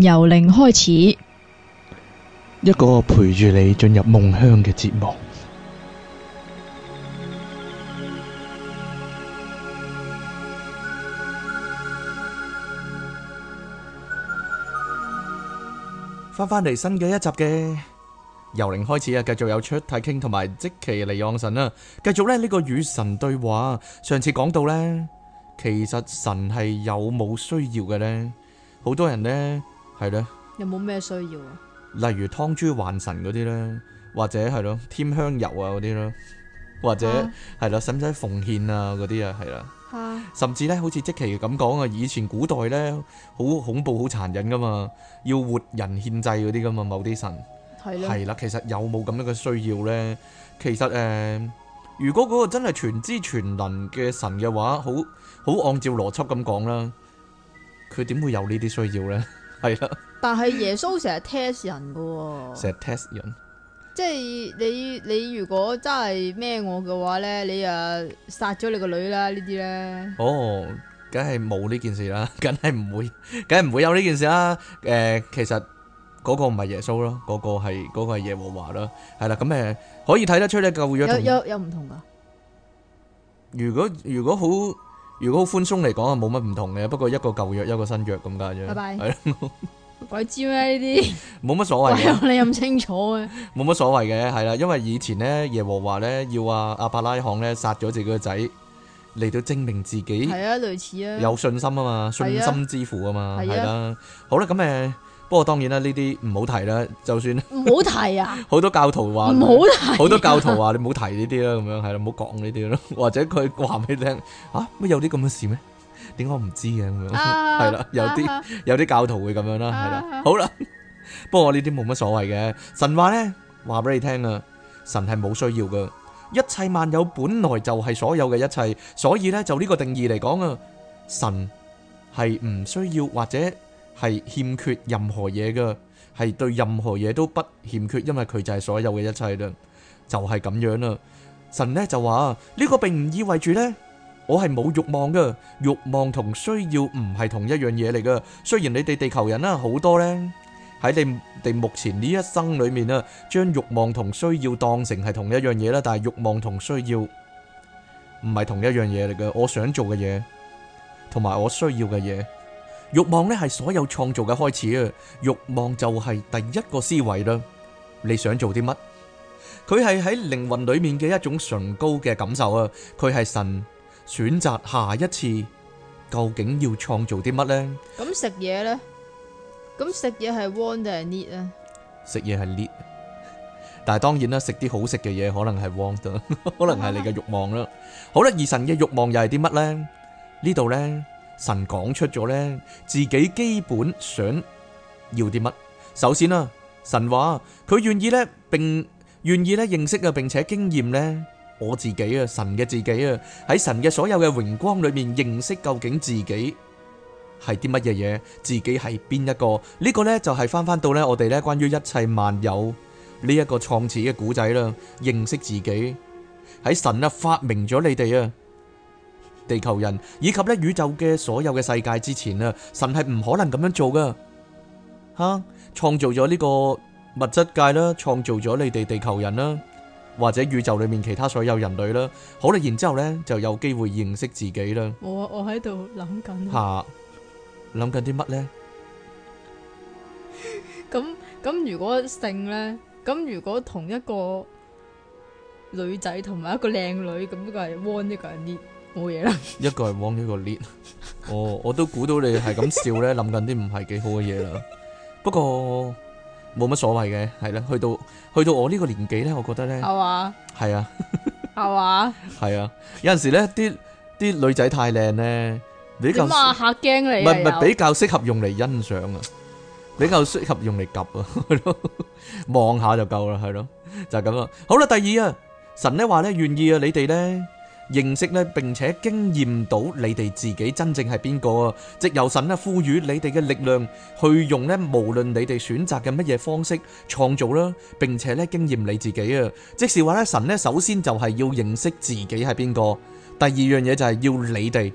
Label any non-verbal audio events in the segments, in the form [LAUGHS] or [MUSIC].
由零開始，一個陪住你進入夢鄉嘅節目。翻返嚟新嘅一集嘅由零開始啊，繼續有出體傾同埋即其嚟望神啦。繼續咧呢個與神對話，上次講到咧，其實神係有冇需要嘅咧，好多人咧。係咧，有冇咩需要啊？例如湯豬還神嗰啲咧，或者係咯，添香油啊嗰啲咯，或者係啦，使唔使奉獻啊嗰啲啊？係啦，啊啊、甚至咧，好似即奇咁講啊，以前古代咧好恐怖，好殘忍噶嘛，要活人獻祭嗰啲噶嘛，某啲神係啦的。其實有冇咁樣嘅需要咧？其實誒、呃，如果嗰個真係全知全能嘅神嘅話，好好按照邏輯咁講啦，佢點會有呢啲需要咧？係啦，是 [LAUGHS] 但係耶穌成日 test 人噶，成日 test 人，即係你你如果真係咩我嘅話咧，你就殺咗你個女啦呢啲咧。哦，梗係冇呢件事啦，梗係唔會，梗係唔會有呢件事啦。誒、呃，其實嗰個唔係耶穌咯，嗰、嗰個係、嗰個係耶和華啦。係啦，咁誒、呃、可以睇得出咧舊約同有有有唔同噶。如果如果好。如果好寬鬆嚟講啊，冇乜唔同嘅，不過一個舊約一個新約咁解啫。拜拜 bye。係咯，鬼知咩呢啲？冇乜所謂。你咁、so、清楚嘅？冇乜所謂嘅，係啦，因為以前咧，耶和華咧要啊亞伯拉罕咧殺咗自己個仔嚟到證明自己。係啊，類似啊。有信心啊嘛，信心之父啊嘛，係啦、啊。好啦，咁誒。不過當然啦，呢啲唔好提啦。就算唔好提啊，好 [LAUGHS] 多教徒話唔好提，啊，好 [LAUGHS] 多教徒話你唔好提呢啲啦，咁樣係啦，唔好講呢啲咯。或者佢話俾你聽，啊，乜有啲咁嘅事咩？點解唔知嘅咁樣？係啦，有啲有啲教徒會咁樣啦，係啦。好啦，不過呢啲冇乜所謂嘅。神話咧話俾你聽啊，神係冇需要噶，一切萬有本來就係所有嘅一切，所以咧就呢個定義嚟講啊，神係唔需要或者。係欠缺任何嘢噶，係對任何嘢都不欠缺，因為佢就係所有嘅一切啦，就係咁樣啦。神呢就話：呢個並唔意味住呢，我係冇欲望噶。欲望同需要唔係同一樣嘢嚟噶。雖然你哋地球人啦好多呢，喺你哋目前呢一生裏面啊，將欲望同需要當成係同一樣嘢啦，但係欲望同需要唔係同一樣嘢嚟嘅。我想做嘅嘢，同埋我需要嘅嘢。欲望咧係所有創造嘅開始啊！欲望就係第一個思維啦。你想做啲乜？佢係喺靈魂裏面嘅一種崇高嘅感受啊！佢係神選擇下一次究竟要創造啲乜咧？咁食嘢咧？咁食嘢係 want 定係 need 啊？食嘢係 need，但係當然啦，食啲好食嘅嘢可能係 want，可能係你嘅欲望啦。好啦，而神嘅欲望又係啲乜咧？呢度咧？神講出咗呢，自己基本想要啲乜？首先啊，神話佢願意呢，並願意呢認識啊，並且經驗呢，我自己啊，神嘅自己啊，喺神嘅所有嘅榮光裏面認識究竟自己係啲乜嘢嘢，自己係邊一個？呢個呢，就係翻翻到呢，我哋呢關於一切萬有呢一個創始嘅古仔啦，認識自己喺神啊發明咗你哋啊！地球人以及咧宇宙嘅所有嘅世界之前啦，神係唔可能咁樣做噶吓，創造咗呢個物質界啦，創造咗你哋地球人啦，或者宇宙裏面其他所有人類啦，好啦，然之後咧就有機會認識自己啦。我我喺度諗緊吓，諗緊啲乜咧？咁咁如果性咧？咁如果同一個女仔同埋一個靚女，咁呢個係彎，呢個係咩？冇嘢啦，一個係望咗個裂。哦，我都估到你係咁笑咧，諗緊啲唔係幾好嘅嘢啦。不過冇乜所謂嘅，係啦，去到去到我呢個年紀咧，我覺得咧係嘛，係啊，係嘛，係啊。有陣時咧，啲啲女仔太靚咧，比較咁話吓驚你，唔係唔係比較適合用嚟欣賞啊，比較適合用嚟夾啊，望下就夠啦，係咯，就係咁啦。好啦，第二啊，神咧話咧願意啊，你哋咧。認識咧，並且經驗到你哋自己真正係邊個，即由神咧賦予你哋嘅力量去用咧，無論你哋選擇嘅乜嘢方式創造啦，並且咧經驗你自己啊。即是話咧神咧首先就係要認識自己係邊個，第二樣嘢就係要你哋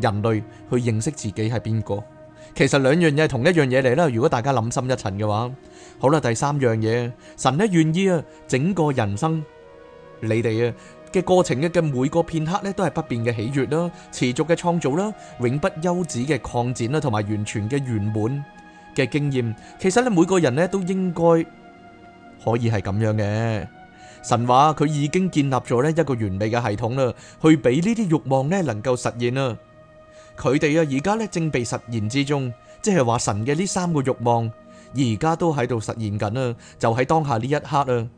人類去認識自己係邊個，其實兩樣嘢係同一樣嘢嚟啦。如果大家諗深一層嘅話，好啦，第三樣嘢，神咧願意啊，整個人生你哋啊。嘅過程嘅嘅每個片刻咧，都係不變嘅喜悅啦，持續嘅創造啦，永不休止嘅擴展啦，同埋完全嘅圓滿嘅經驗。其實咧，每個人咧都應該可以係咁樣嘅。神話佢已經建立咗咧一個完美嘅系統啦，去俾呢啲慾望咧能夠實現啦。佢哋啊，而家咧正被實現之中，即係話神嘅呢三個慾望，而家都喺度實現緊啊，就喺當下呢一刻啊。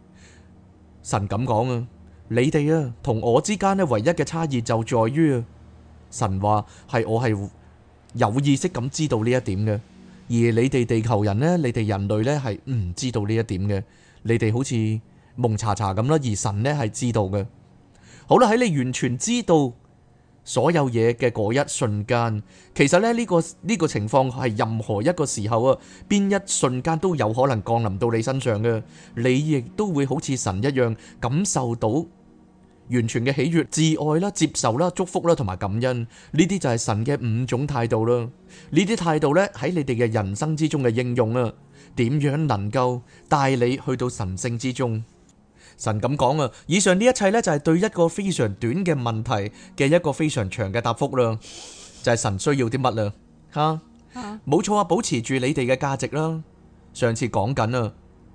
神咁講啊。你哋啊，同我之間咧，唯一嘅差異就在於、啊、神話係我係有意識咁知道呢一點嘅，而你哋地球人呢，你哋人類呢，係唔知道呢一點嘅，你哋好似蒙查查咁啦，而神呢係知道嘅。好啦，喺你完全知道所有嘢嘅嗰一瞬間，其實咧呢、呢個呢、呢個情況係任何一個時候啊，邊一瞬間都有可能降臨到你身上嘅，你亦都會好似神一樣感受到。完全嘅喜悅、摯愛啦、接受啦、祝福啦同埋感恩，呢啲就係神嘅五種態度啦。呢啲態度呢，喺你哋嘅人生之中嘅應用啦，點樣能夠帶你去到神聖之中？神咁講啊，以上呢一切呢就係對一個非常短嘅問題嘅一個非常長嘅答復啦。就係神需要啲乜啦？吓，冇錯啊，保持住你哋嘅價值啦。上次講緊啊。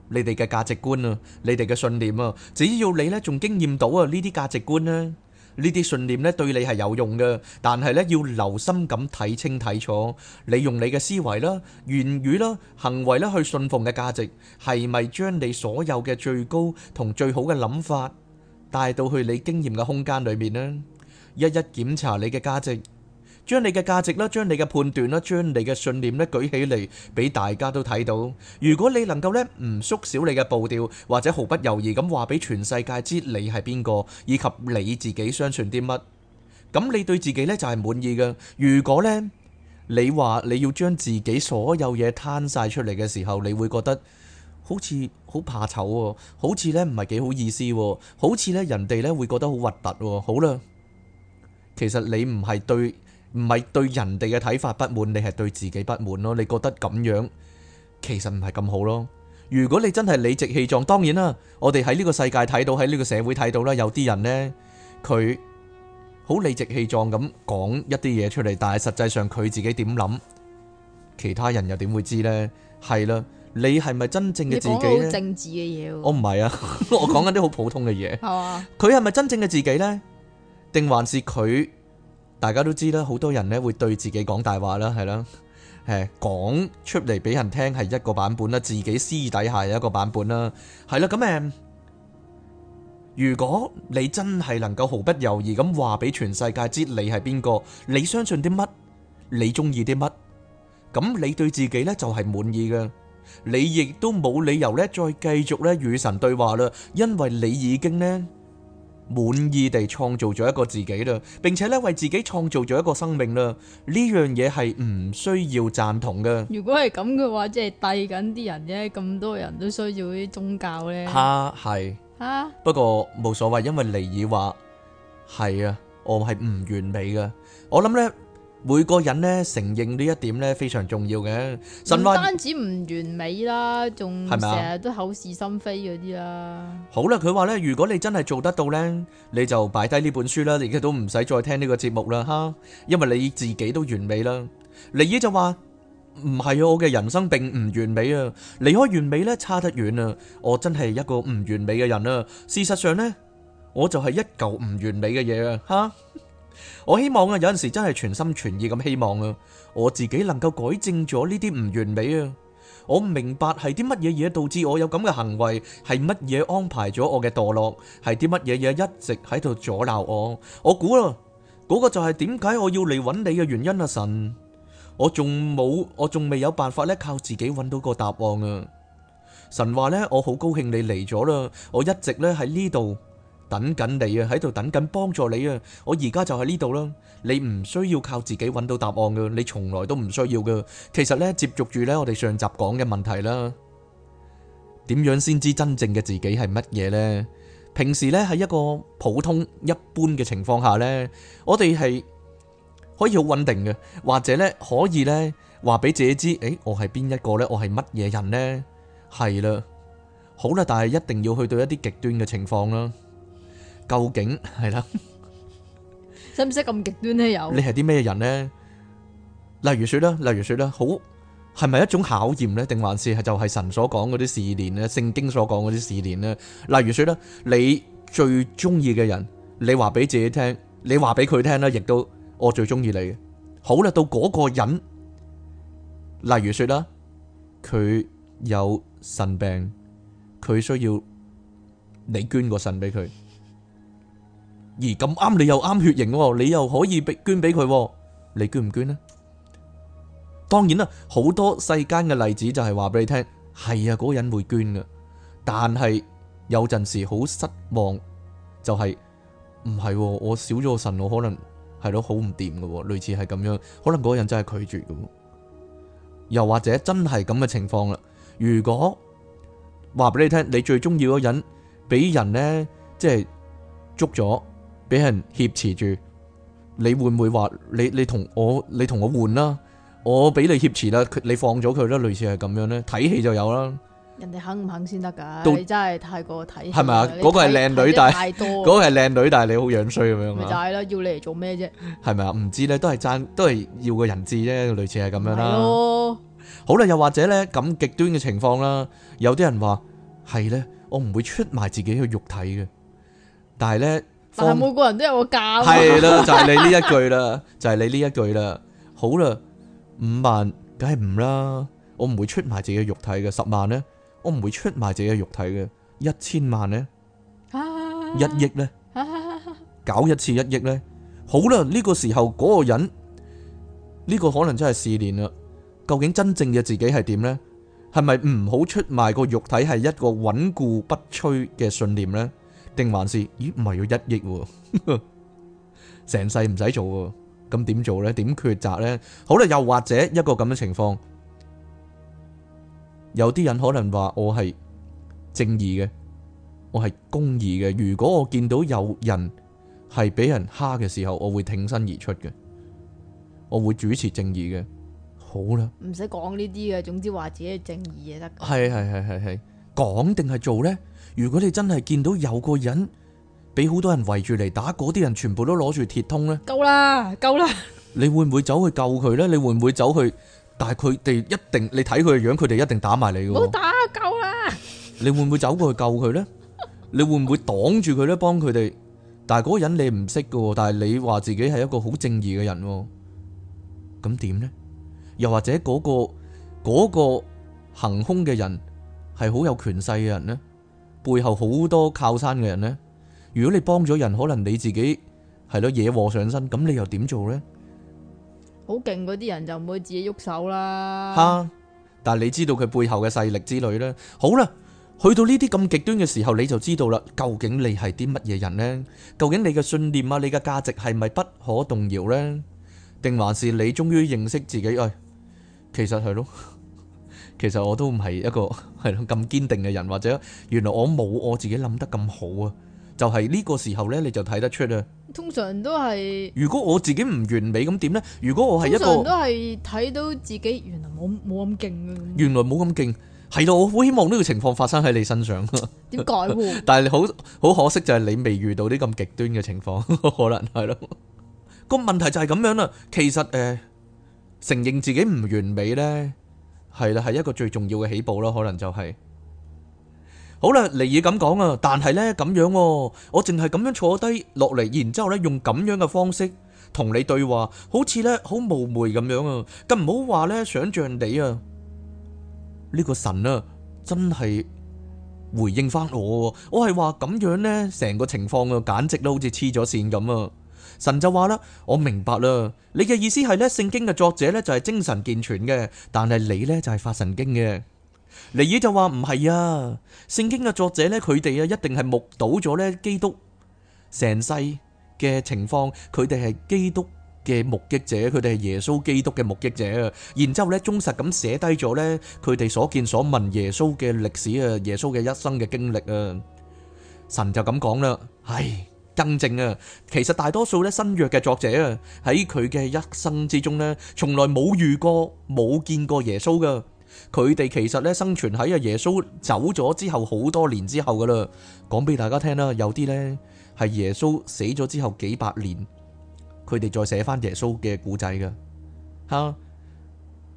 你哋嘅價值觀啊，你哋嘅信念啊，只要你咧仲經驗到啊呢啲價值觀咧，呢啲信念咧對你係有用嘅，但係咧要留心咁睇清睇楚，你用你嘅思維啦、言語啦、行為啦去信奉嘅價值，係咪將你所有嘅最高同最好嘅諗法帶到去你經驗嘅空間裏面咧，一一檢查你嘅價值。將你嘅價值咧，將你嘅判斷咧，將你嘅信念咧舉起嚟，俾大家都睇到。如果你能夠咧唔縮小你嘅步調，或者毫不猶豫咁話俾全世界知你係邊個，以及你自己相信啲乜，咁你對自己咧就係滿意嘅。如果咧你話你要將自己所有嘢攤晒出嚟嘅時候，你會覺得好似好怕醜喎，好似咧唔係幾好意思喎，好似咧人哋咧會覺得好核突喎。好啦，其實你唔係對。唔係對人哋嘅睇法不滿，你係對自己不滿咯？你覺得咁樣其實唔係咁好咯？如果你真係理直氣壯，當然啦，我哋喺呢個世界睇到，喺呢個社會睇到啦，有啲人呢，佢好理直氣壯咁講一啲嘢出嚟，但係實際上佢自己點諗，其他人又點會知呢？係啦，你係咪真正嘅自己呢？政治嘅嘢，我唔係啊，我講緊啲好普通嘅嘢。佢係咪真正嘅自己呢？定還是佢？大家都知啦，好多人咧會對自己講大話啦，係啦，誒講出嚟俾人聽係一個版本啦，自己私底下係一個版本啦，係啦咁誒，如果你真係能夠毫不猶豫咁話俾全世界知你係邊個，你相信啲乜，你中意啲乜，咁你對自己呢就係滿意嘅，你亦都冇理由呢再繼續呢與神對話啦，因為你已經呢。滿意地創造咗一個自己啦，並且咧為自己創造咗一個生命啦。呢樣嘢係唔需要贊同嘅。如果係咁嘅話，即係遞緊啲人啫，咁多人都需要啲宗教咧。吓係吓，不過冇所謂，因為尼爾話係啊，我係唔完美嘅。我諗咧。每個人咧承認呢一點咧非常重要嘅，唔單止唔完美啦，仲成日都口是心非嗰啲啦。好啦，佢話咧，如果你真係做得到咧，你就擺低呢本書啦，你而家都唔使再聽呢個節目啦，吓，因為你自己都完美啦。尼爾就話唔係啊，我嘅人生並唔完美啊，離開完美咧差得遠啊，我真係一個唔完美嘅人啊。事實上咧，我就係一嚿唔完美嘅嘢啊，吓。我希望啊，有陣時真係全心全意咁希望啊，我自己能夠改正咗呢啲唔完美啊。我唔明白係啲乜嘢嘢導致我有咁嘅行為，係乜嘢安排咗我嘅墮落，係啲乜嘢嘢一直喺度阻撓我。我估啦，嗰個就係點解我要嚟揾你嘅原因啊，神。我仲冇，我仲未有辦法咧，靠自己揾到個答案啊。神話呢，我好高興你嚟咗啦，我一直咧喺呢度。等緊你啊，喺度等緊幫助你啊。我而家就喺呢度啦。你唔需要靠自己搵到答案㗎，你從來都唔需要㗎。其實呢，接續住呢，我哋上集講嘅問題啦，點樣先知真正嘅自己係乜嘢呢？平時呢，喺一個普通一般嘅情況下呢，我哋係可以好穩定嘅，或者呢可以呢話俾自己知，誒，我係邊一個呢？我係乜嘢人呢？係啦，好啦，但係一定要去到一啲極端嘅情況啦。究竟係啦，使唔使咁極端呢？有 [LAUGHS] 你係啲咩人呢？例如說啦，例如說啦，好係咪一種考驗呢？定還是係就係神所講嗰啲試煉呢？聖經所講嗰啲試煉呢？例如說啦，你最中意嘅人，你話俾自己聽，你話俾佢聽啦，亦都我最中意你。好啦，到嗰個人，例如說啦，佢有腎病，佢需要你捐個腎俾佢。而咁啱你又啱血型喎，你又可以俾捐俾佢，你捐唔捐呢？當然啦，好多世間嘅例子就係話俾你聽，係啊，嗰、那個人會捐噶，但係有陣時好失望、就是，就係唔係我少咗個神，我可能係咯好唔掂噶，類似係咁樣，可能嗰個人真係拒絕噶，又或者真係咁嘅情況啦。如果話俾你聽，你最中意嗰人俾人呢，即係捉咗。俾人挾持住，你會唔會話你你同我你同我換啦？我俾你挾持啦，佢你放咗佢啦，類似係咁樣咧，睇戲就有啦。人哋肯唔肯先得噶？都你真係太過睇戲係咪啊？嗰個係靚女，但係嗰個係靚女，但係你好樣衰咁樣啊？咪就係咯，要你嚟做咩啫？係咪啊？唔知咧，都係爭，都係要個人質啫，類似係咁樣啦。好啦，又或者咧咁極端嘅情況啦，有啲人話係咧，我唔會出賣自己嘅肉體嘅，但係咧。但係每個人都有個價咯，係啦，就係你呢一句啦，就係你呢一句啦。好啦，五萬梗係唔啦，我唔會出賣自己嘅肉體嘅。十萬咧，我唔會出賣自己嘅肉體嘅。一千萬咧，一億咧，搞一次一億咧，好啦，呢個時候嗰個人呢個可能真係試煉啦。究竟，真正嘅自己係點咧？係咪唔好出賣個肉體係一個穩固不摧嘅信念咧？定還是？咦，唔係要一億成世唔使做，咁點做咧？點抉擇咧？好啦，又或者一個咁嘅情況，有啲人可能話我係正義嘅，我係公義嘅。如果我見到有人係俾人蝦嘅時候，我會挺身而出嘅，我會主持正義嘅。好啦，唔使講呢啲嘅，總之話自己係正義就得。係係係係係，講定係做咧？如果你真係見到有個人俾好多人圍住嚟打，嗰啲人全部都攞住鐵通咧，夠啦，夠啦！你會唔會走去救佢咧？你會唔會走去？但係佢哋一定，你睇佢嘅樣，佢哋一定打埋你嘅。唔好打，夠啦！你會唔會走過去救佢咧？你會唔會擋住佢咧，幫佢哋？但係嗰個人你唔識㗎，但係你話自己係一個好正義嘅人，咁點咧？又或者嗰個嗰個行兇嘅人係好有權勢嘅人咧？背後好多靠山嘅人呢，如果你幫咗人，可能你自己係咯惹禍上身，咁你又點做呢？好勁嗰啲人就唔會自己喐手啦。吓，但係你知道佢背後嘅勢力之類呢。好啦，去到呢啲咁極端嘅時候，你就知道啦。究竟你係啲乜嘢人呢？究竟你嘅信念啊，你嘅價值係咪不可動搖呢？定還是你終於認識自己？誒，其實係咯。其實我都唔係一個係咯咁堅定嘅人，或者原來我冇我自己諗得咁好啊！就係呢個時候咧，你就睇得出啦。通常都係如果我自己唔完美咁點咧？如果我係一個，通常都係睇到自己原來冇冇咁勁啊！原來冇咁勁，係咯，我好希望呢個情況發生喺你身上。點解？但係好好可惜就係你未遇到啲咁極端嘅情況，可能係咯。個問題就係咁樣啦。其實誒，承認自己唔完美咧。係啦，係一個最重要嘅起步咯，可能就係好啦。嚟嘢咁講啊，但係咧咁樣，我淨係咁樣坐低落嚟，然之後咧用咁樣嘅方式同你對話，好似咧好無謂咁樣啊！更唔好話咧想象你啊，呢個神啊，真係回應翻我，我係話咁樣咧，成個情況啊，簡直都好似黐咗線咁啊！神就話啦，我明白啦，你嘅意思係咧，聖經嘅作者咧就係精神健全嘅，但係你咧就係發神經嘅。尼爾就話唔係啊，聖經嘅作者咧，佢哋啊一定係目睹咗咧基督成世嘅情況，佢哋係基督嘅目擊者，佢哋係耶穌基督嘅目擊者，然之後咧忠實咁寫低咗咧佢哋所見所聞耶穌嘅歷史啊，耶穌嘅一生嘅經歷啊，神就咁講啦，唉。更正啊，其實大多數咧新約嘅作者啊，喺佢嘅一生之中呢，從來冇遇過冇見過耶穌噶。佢哋其實呢，生存喺啊耶穌走咗之後好多年之後噶啦。講俾大家聽啦，有啲呢係耶穌死咗之後幾百年，佢哋再寫返耶穌嘅古仔噶。吓、啊，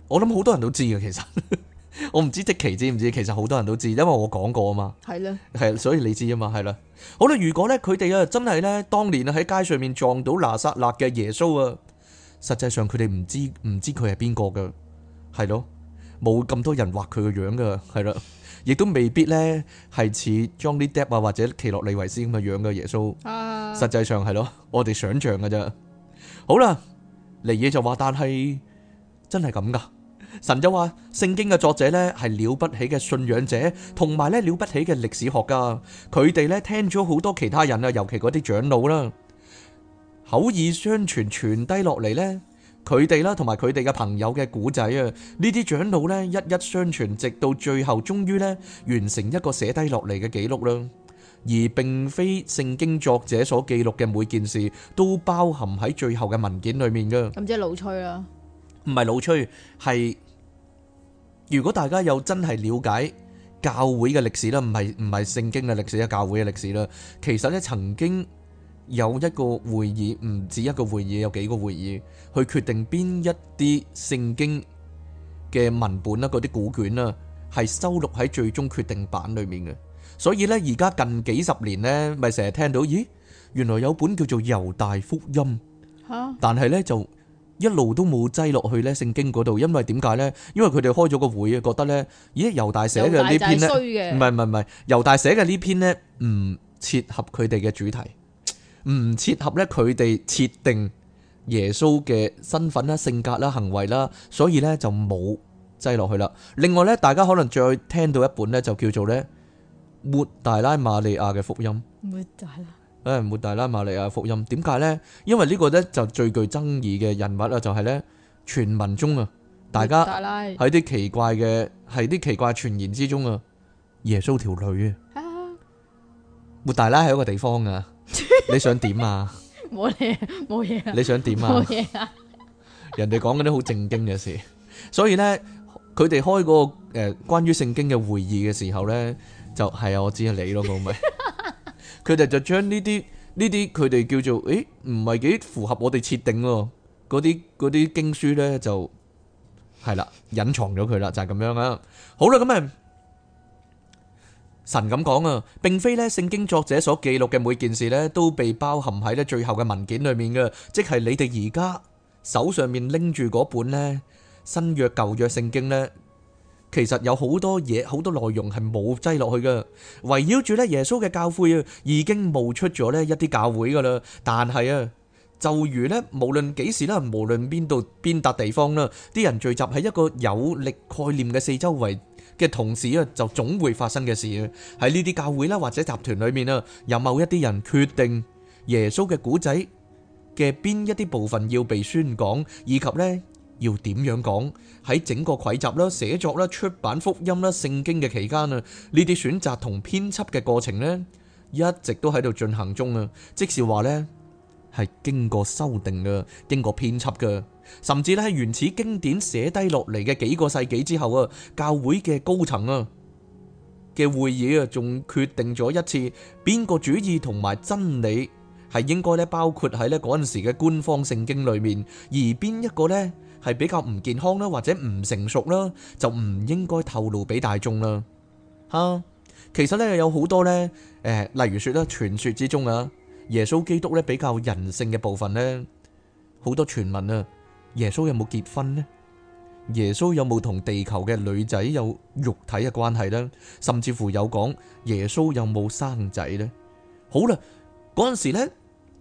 我諗好多人都知嘅其實。我唔知的奇知唔知，其實好多人都知，因為我講過啊嘛。係咧的，係所以你知啊嘛，係啦。好啦，如果咧佢哋啊真係咧當年啊喺街上面撞到拿撒勒嘅耶穌啊，實際上佢哋唔知唔知佢係邊個嘅，係咯，冇咁多人畫佢個樣噶，係啦，亦都未必咧係似 Johnny Depp 啊或者奇洛利維斯咁嘅樣嘅耶穌。啊，實際上係咯，我哋想象嘅啫。好啦，尼爾就話，但係真係咁噶。神就話聖經嘅作者呢係了不起嘅信仰者，同埋呢了不起嘅歷史學家。佢哋呢聽咗好多其他人啊，尤其嗰啲長老啦，口耳相傳，傳低落嚟，呢佢哋啦同埋佢哋嘅朋友嘅古仔啊。呢啲長老呢，一一相傳，直到最後，終於呢完成一個寫低落嚟嘅記錄啦。而並非聖經作者所記錄嘅每件事都包含喺最後嘅文件裏面噶。咁即係老吹啦。唔係老吹，係如果大家有真係了解教會嘅歷史啦，唔係唔係聖經嘅歷史啊，教會嘅歷史啦，其實咧曾經有一個會議，唔止一個會議，有幾個會議去決定邊一啲聖經嘅文本啦，嗰啲古卷啦，係收錄喺最終決定版裏面嘅。所以咧，而家近幾十年咧，咪成日聽到，咦，原來有本叫做《猶大福音》，吓，但係咧就。一路都冇擠落去咧聖經嗰度，因為點解呢？因為佢哋開咗個會，覺得呢，咦，猶大寫嘅呢篇呢，唔係唔係唔係，猶大寫嘅呢篇呢，唔切合佢哋嘅主題，唔切合咧佢哋設定耶穌嘅身份啦、性格啦、行為啦，所以呢就冇擠落去啦。另外呢，大家可能再聽到一本呢，就叫做呢「抹大拉瑪利亞」嘅福音。誒，抹大拉瑪利亞福音點解咧？因為呢個咧就最具爭議嘅人物啦，就係咧傳聞中啊，大家喺啲奇怪嘅，係啲奇怪傳言之中啊，耶穌條女啊，抹大拉係一個地方啊，你想點啊？冇嘢冇嘢，你想點啊？冇嘢啊，人哋講嗰啲好正經嘅事，所以咧，佢哋開個誒關於聖經嘅會議嘅時候咧，就係啊，我知係你咯，我咪。 [LAUGHS] 佢哋就將呢啲呢啲佢哋叫做誒，唔係幾符合我哋設定咯，嗰啲嗰啲經書咧就係啦，隱藏咗佢啦，就係咁樣啊。好啦，咁啊，神咁講啊，並非咧聖經作者所記錄嘅每件事咧，都被包含喺咧最後嘅文件裏面噶，即係你哋而家手上面拎住嗰本咧新約舊約聖經咧。其實有好多嘢，好多內容係冇擠落去嘅。圍繞住呢耶穌嘅教誨啊，已經冒出咗呢一啲教會噶啦。但係啊，就如呢，無論幾時啦，無論邊度邊笪地方啦，啲人聚集喺一個有力概念嘅四周圍嘅同時啊，就總會發生嘅事啊。喺呢啲教會啦或者集團裏面啊，有某一啲人決定耶穌嘅古仔嘅邊一啲部分要被宣講，以及呢。要點樣講。喺整個匯集啦、寫作啦、出版福音啦、聖經嘅期間啊，呢啲選擇同編輯嘅過程呢，一直都喺度進行中啊。即是話咧，係經過修訂嘅，經過編輯嘅，甚至咧喺原始經典寫低落嚟嘅幾個世紀之後啊，教會嘅高層啊嘅會議啊，仲決定咗一次邊個主義同埋真理係應該咧包括喺咧嗰陣時嘅官方聖經裏面，而邊一個咧？係比較唔健康啦，或者唔成熟啦，就唔應該透露俾大眾啦。吓，其實咧有好多咧，誒，例如說咧，傳說之中啊，耶穌基督咧比較人性嘅部分咧，好多傳聞啊，耶穌有冇結婚咧？耶穌有冇同地球嘅女仔有肉體嘅關係咧？甚至乎有講耶穌有冇生仔咧？好啦，嗰陣時咧，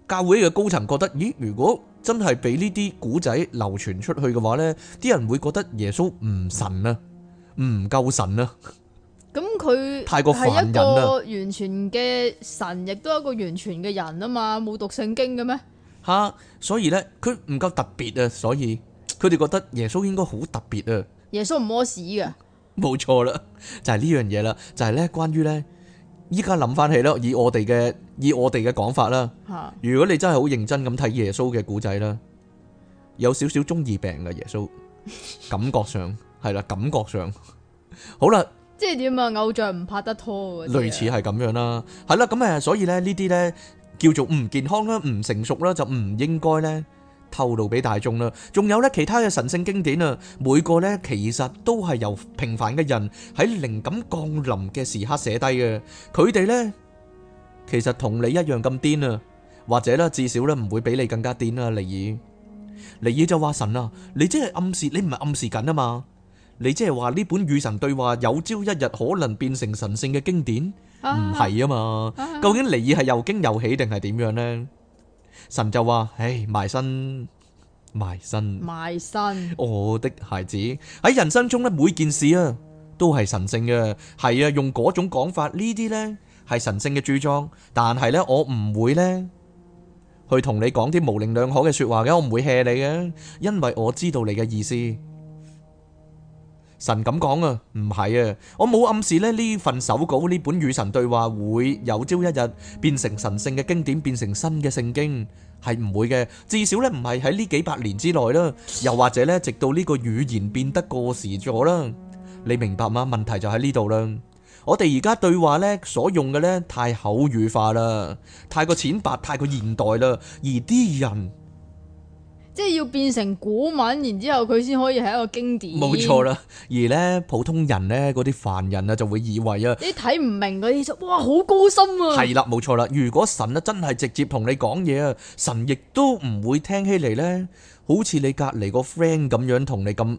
教會嘅高層覺得，咦，如果，真係俾呢啲古仔流傳出去嘅話，呢啲人會覺得耶穌唔神啊，唔夠神啊。咁佢那他 太過凡人啦。係一個完全嘅神亦都係一個完全嘅人啊嘛，冇讀聖經嘅咩吓？所以呢，佢唔夠特別啊，所以佢哋覺得耶穌應該好特別啊。耶穌唔屙屎㗎，冇錯啦，就係呢樣嘢啦，就係、是、呢關於呢。依家諗翻起咧，以我哋嘅以我哋嘅講法啦，如果你真係好認真咁睇耶穌嘅古仔啦，有少少中二病嘅耶穌，感覺上係啦，感覺上好啦，即係點啊？偶像唔拍得拖，類似係咁樣啦，係啦，咁誒，所以咧呢啲咧叫做唔健康啦，唔成熟啦，就唔應該咧。透露俾大眾啦，仲有呢其他嘅神聖經典啊，每個呢其實都係由平凡嘅人喺靈感降臨嘅時刻寫低嘅，佢哋呢其實同你一樣咁癲啊，或者呢至少呢唔會比你更加癲啊。尼爾，尼爾就話神啊，你即係暗示，你唔係暗示緊啊嘛，你即係話呢本與神對話有朝一日可能變成神聖嘅經典，唔係啊嘛？究竟尼爾係又驚又喜定係點樣呢？神就話，唉、哎，埋身，埋身，埋身，我的孩子喺人生中咧，每件事啊，都係神聖嘅，係啊，用嗰種講法，呢啲呢係神聖嘅注裝。但係呢，我唔會呢去同你講啲模棱兩可嘅說話嘅，我唔會呃你嘅，因為我知道你嘅意思。神咁講啊，唔係啊，我冇暗示咧呢份手稿呢本與神對話會有朝一日變成神聖嘅經典，變成新嘅聖經，係唔會嘅。至少咧唔係喺呢幾百年之內啦，又或者咧直到呢個語言變得過時咗啦。你明白嗎？問題就喺呢度啦。我哋而家對話咧所用嘅咧太口語化啦，太過淺白，太過現代啦，而啲人。即係要變成古文，然之後佢先可以係一個經典。冇錯啦，而呢普通人呢，嗰啲凡人啊，就會以為啊，你睇唔明嘅嘢就，哇，好高深啊。係啦，冇錯啦。如果神啊真係直接同你講嘢啊，神亦都唔會聽起嚟呢，好似你隔籬個 friend 咁樣同你咁。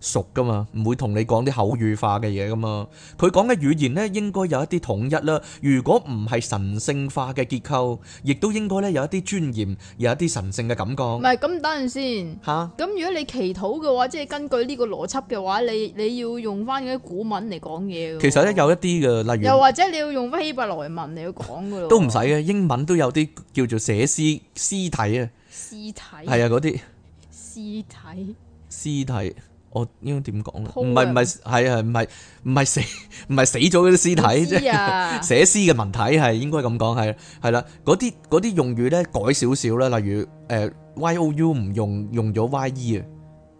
熟噶嘛，唔會同你講啲口語化嘅嘢噶嘛。佢講嘅語言咧，應該有一啲統一啦。如果唔係神聖化嘅結構，亦都應該咧，有一啲尊嚴，有一啲神聖嘅感覺。唔係，咁等陣先嚇。咁、啊、如果你祈禱嘅話，即係根據呢個邏輯嘅話，你你要用翻嗰啲古文嚟講嘢。其實咧，有一啲嘅，例如又或者你要用翻希伯來文嚟講嘅咯。都唔使嘅，英文都有啲叫做寫詩詩體啊。詩體係啊，嗰啲詩體詩體。我應該點講啦？唔係唔係，係係唔係唔係死唔係死咗嗰啲屍體啫？寫詩嘅文體係應該咁講，係係啦。嗰啲嗰啲用語咧改少少啦，例如誒 y o u 唔用用咗 y e 啊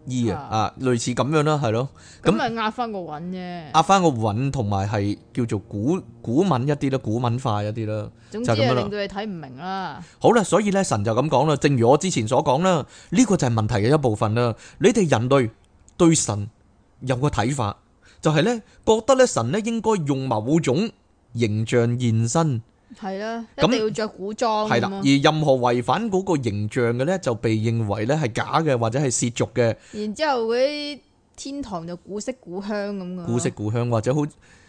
e 啊啊類似咁樣啦，係咯，咁咪壓翻個韻啫，壓翻個韻同埋係叫做古古文一啲啦，古文化一啲啦，總之就係咁樣啦，令到你睇唔明啦。好啦，所以咧神就咁講啦，正如我之前所講啦，呢個就係問題嘅一部分啦。你哋人類。對神有個睇法，就係呢：覺得咧神咧應該用某種形象現身，係啦，一定要着古裝，係啦。而任何違反嗰個形象嘅呢，就被認為咧係假嘅或者係褻俗嘅。然之後會。天堂就古色古香咁嘅，啊啊、古色古香或者好，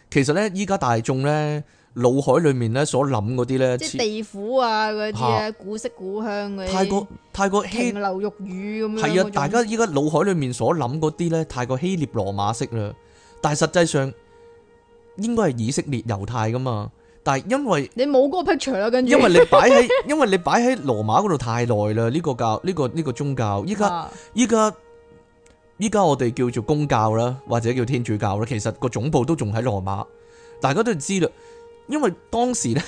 其實咧，依家大眾咧，腦海裏面咧所諗嗰啲咧，即係地府啊嗰啲啊，古色古香嘅，太過太過瓊樓玉宇咁樣。係啊，大家依家腦海裏面所諗嗰啲咧，太過希臘羅馬式啦。但係實際上應該係以色列猶太噶嘛。但係因，、啊、因為你冇嗰個 picture 啦，跟住 [LAUGHS] 因為你擺喺因為你擺喺羅馬嗰度太耐啦。呢、這個教呢、這個呢、這個這個宗教依家依家。在在依家我哋叫做公教啦，或者叫天主教啦，其實個總部都仲喺羅馬，大家都知啦。因為當時咧，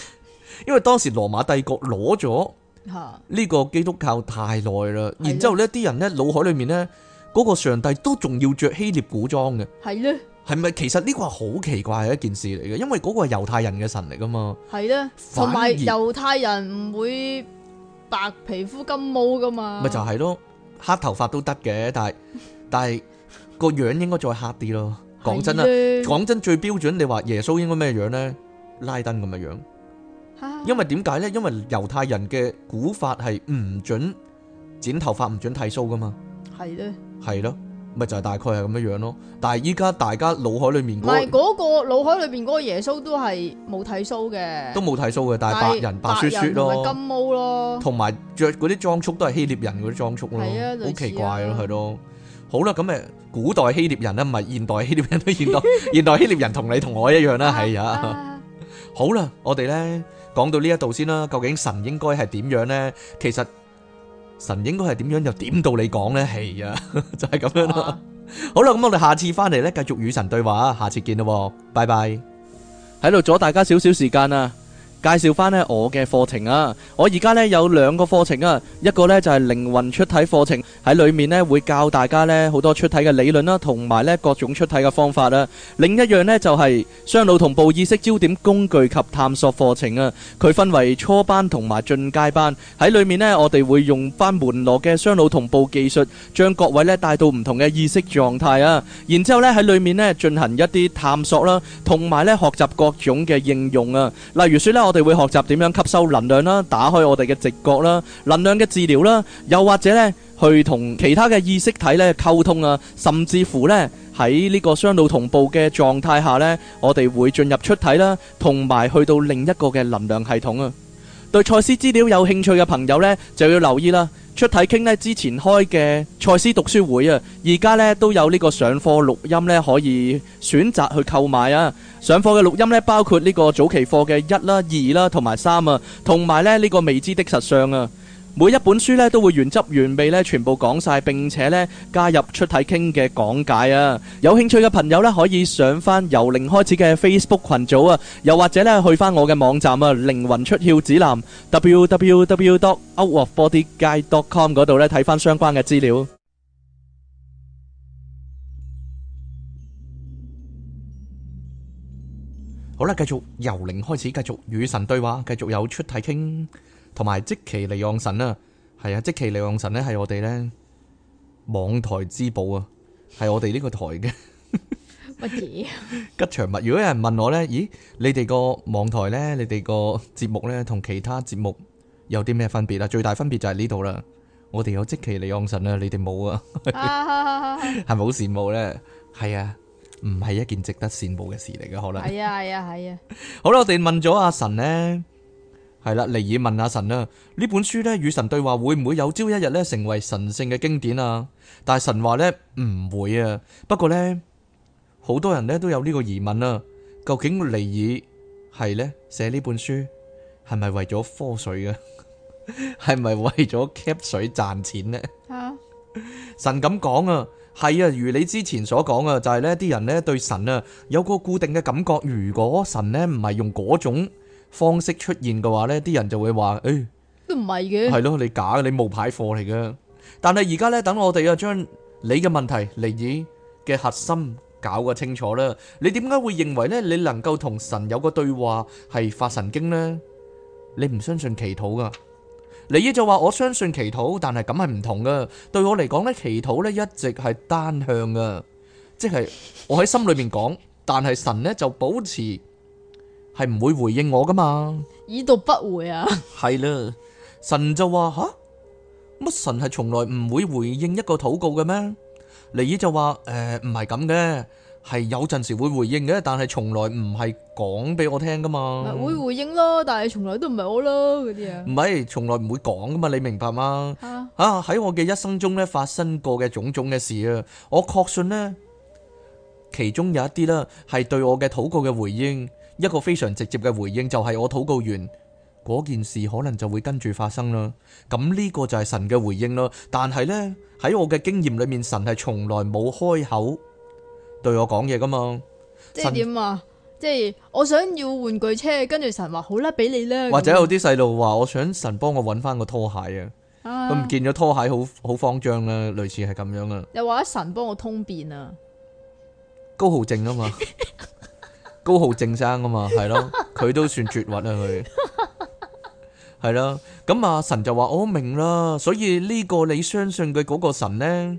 因為當時羅馬帝國攞咗呢個基督教太耐啦，啊、然之後咧，啲的人咧腦海裏面咧，嗰個上帝都仲要着希臘古裝嘅，係咧的，係咪？其實呢個係好奇怪嘅一件事嚟嘅，因為嗰個係猶太人嘅神嚟噶嘛，係咧的，同埋猶太人唔會白皮膚金毛噶嘛，咪就係咯，黑頭髮都得嘅，但係。 [LAUGHS] 但係個樣應該再黑啲咯，講真啊，講真最標準，你話耶穌應該咩樣咧？拉登咁嘅樣，因為點解咧？因為猶太人嘅古法係唔准剪頭髮，唔准剃鬚噶嘛。係咯，係咯，咪就係大概係咁嘅樣咯。但係依家大家腦海裏面嗰個，唔係嗰個腦海裏邊嗰個耶穌都係冇剃鬚嘅，都冇剃鬚嘅，但係白人白雪雪咯，金毛咯，同埋着嗰啲裝束都係希臘人嗰啲裝束咯，好奇怪咯，係咯。好啦，咁誒，古代希臘人咧，唔係現代希臘人都見到，現代希臘人同你同我一樣啦，係啊。好啦，我哋咧講到呢一度先啦，究竟神應該係點樣咧？其實神應該係點樣又點到你講咧？係啊，就係咁樣啦。好啦，咁我哋下次翻嚟咧，繼續與神對話，下次見啦，拜拜。喺度阻大家少少時間啊！介紹翻呢我嘅課程啊，我而家呢有兩個課程啊，一個呢就係靈魂出體課程，喺裏面呢會教大家呢好多出體嘅理論啦，同埋呢各種出體嘅方法啦。另一樣呢就係雙腦同步意識焦點工具及探索課程啊，佢分為初班同埋進階班，喺裏面呢我哋會用翻門羅嘅雙腦同步技術，將各位呢帶到唔同嘅意識狀態啊，然之後呢喺裏面呢進行一啲探索啦，同埋呢學習各種嘅應用啊，例如說呢我。我哋會學習點樣吸收能量啦，打開我哋嘅直覺啦，能量嘅治療啦，又或者呢去同其他嘅意識體呢溝通啊，甚至乎呢喺呢個雙腦同步嘅狀態下呢，我哋會進入出體啦，同埋去到另一個嘅能量系統啊。對賽斯資料有興趣嘅朋友呢，就要留意啦。出體傾呢之前開嘅賽斯讀書會啊，而家呢都有呢個上課錄音呢，可以選擇去購買啊。上課嘅錄音咧，包括呢個早期課嘅一啦、二啦同埋三啊，同埋咧呢個未知的實相啊。每一本書咧都會原汁原味咧全部講晒，並且咧加入出體傾嘅講解啊。有興趣嘅朋友咧可以上翻由零開始嘅 Facebook 群組啊，又或者咧去翻我嘅網站啊靈魂出竅指南 www.outofbodyguide.com 嗰度咧睇翻相關嘅資料。好啦，繼續由零開始，繼續與神對話，繼續有出體傾，同埋即其利用神啊。係啊，即其利用神咧，係我哋咧網台之寶啊，係我哋呢個台嘅乜嘢吉祥物。如果有人問我咧，咦，你哋個網台咧，你哋個節目咧，同其他節目有啲咩分別啊？最大分別就係呢度啦，我哋有即其利用神啊，你哋冇啊，係咪好羨慕咧？係啊。唔係一件值得羨慕嘅事嚟嘅，可能係啊係啊係啊。好啦，我哋問咗阿神呢，係啦，尼爾問阿神啊，呢本書呢，與神對話會唔會有朝一日呢成為神聖嘅經典啊？但係神話呢，唔會啊。不過呢，好多人呢都有呢個疑問啊。究竟尼爾係呢？寫呢本書係咪為咗科水啊？係 [LAUGHS] 咪為咗 cap 水賺錢呢？啊！神咁講啊！係啊，如你之前所講啊，就係呢啲人呢對神啊有個固定嘅感覺。如果神呢唔係用嗰種方式出現嘅話，呢啲人就會話誒、哎、都唔係嘅，係咯你假嘅，你冒牌貨嚟嘅。但係而家呢，等我哋啊將你嘅問題嚟自嘅核心搞個清楚啦。你點解會認為呢？你能夠同神有個對話係發神經呢？你唔相信祈禱噶？尼爾就話：我相信祈禱，但係咁係唔同噶。對我嚟講咧，祈禱咧一直係單向噶，即係我喺心裏面講，但係神呢就保持係唔會回應我噶嘛。以度不會啊。係啦， [LAUGHS] 神就話，吓，乜神係從來唔會回應一個禱告嘅咩？尼爾就話，誒，唔係咁嘅。呃係有陣時會回應嘅，但係從來唔係講俾我聽噶嘛。會回應咯，但係從來都唔係我咯，嗰啲啊。唔係，從來唔會講噶嘛，你明白嗎？啊，啊喺我嘅一生中咧，發生過嘅種種嘅事啊，我確信咧，其中有一啲啦，係對我嘅禱告嘅回應，一個非常直接嘅回應，就係我禱告完嗰件事，可能就會跟住發生啦。咁呢個就係神嘅回應咯。但係咧喺我嘅經驗裏面，神係從來冇開口，對我講嘢噶嘛？即係點啊？即係我想要玩具車，跟住神話好啦，俾你啦。或者有啲細路話，我想神幫我搵翻個拖鞋啊，佢唔見咗拖鞋，好好慌張啦，類似係咁樣 [LAUGHS] 啊。又或者神幫我通便啊？高浩正啊嘛，高浩正生啊嘛，係咯，佢都算絕核啦，佢係咯。咁啊，神就話我明啦，所以呢個你相信佢嗰個神咧，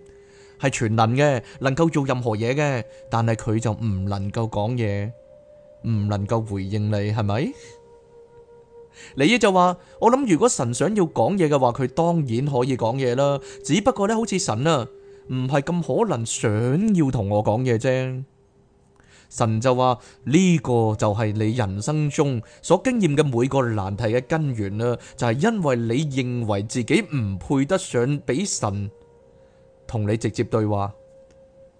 係全能嘅，能夠做任何嘢嘅，但係佢就唔能夠講嘢，唔能夠回應你，係咪？你呢就話：我諗如果神想要講嘢嘅話，佢當然可以講嘢啦，只不過呢，好似神啊，唔係咁可能想要同我講嘢啫。神就話：呢個就係你人生中所經驗嘅每個難題嘅根源啦，就係因為你認為自己唔配得上俾神，同你直接對話，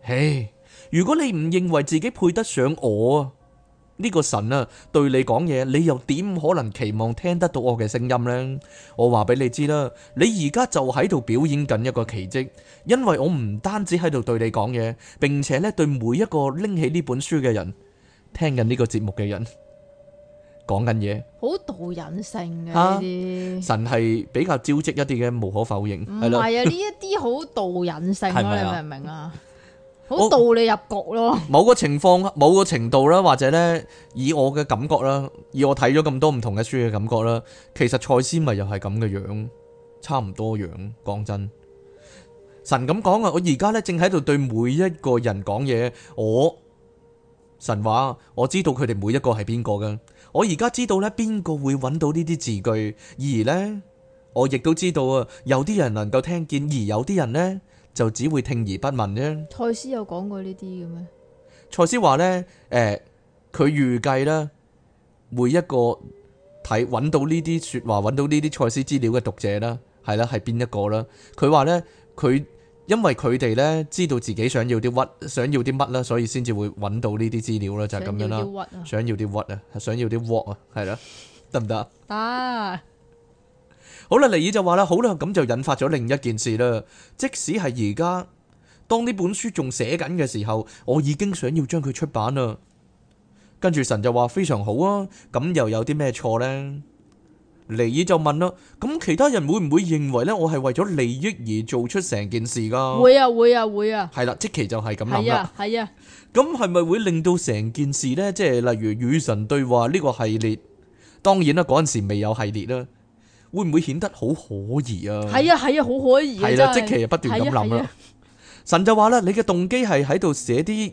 嘿，如果你唔認為自己配得上我啊，呢個神啊對你講嘢，你又點可能期望聽得到我嘅聲音呢？我話俾你知啦，你而家就喺度表演緊一個奇蹟，因為我唔單止喺度對你講嘢，並且咧對每一個拎起呢本書嘅人，聽緊呢個節目嘅人。講緊嘢，好導引性嘅呢啲，啊、神係比較招積一啲嘅，無可否認。唔係啊，呢一啲好導引性啊， [LAUGHS] 你明唔明啊？好我導你入局咯。某個情況，某個程度啦，或者呢，以我嘅感覺啦，以我睇咗咁多唔同嘅書嘅感覺啦，其實賽斯咪又係咁嘅樣,樣，差唔多樣。講真，神咁講啊，我而家呢，正喺度對每一個人講嘢，我神話，我知道佢哋每一個係邊個嘅。我而家知道咧，邊個會揾到呢啲字句，而呢，我亦都知道啊，有啲人能夠聽見，而有啲人呢，就只會聽而不聞啫。賽斯有講過呢啲嘅咩？賽斯話呢，誒、欸，佢預計啦，每一個睇揾到呢啲説話，揾到呢啲賽斯資料嘅讀者啦，係啦，係邊一個啦？佢話呢。佢。因為佢哋咧知道自己想要啲屈，就是，想要啲乜啦，所以先至會揾到呢啲資料啦，就係咁樣啦。想要啲 what 啊，想要啲 what 啊，係咯，得唔得？得。好啦，尼爾就話啦，好啦，咁就引發咗另一件事啦。即使係而家當呢本書仲寫緊嘅時候，我已經想要將佢出版啦。跟住神就話「非常好啊，咁又有啲咩錯呢？」尼爾就問啦，咁其他人會唔會認為咧，我係為咗利益而做出成件事噶、啊？會啊會啊會啊！係啦，即其就係咁諗啦，係啊係啊。咁係咪會令到成件事咧？即係例如與神對話呢個系列，當然啦，嗰陣時未有系列啦，會唔會顯得好可疑啊？係啊係啊，好、啊、可疑、啊。係啦了，即其就不斷咁諗啦。啊啊、神就話啦，你嘅動機係喺度寫啲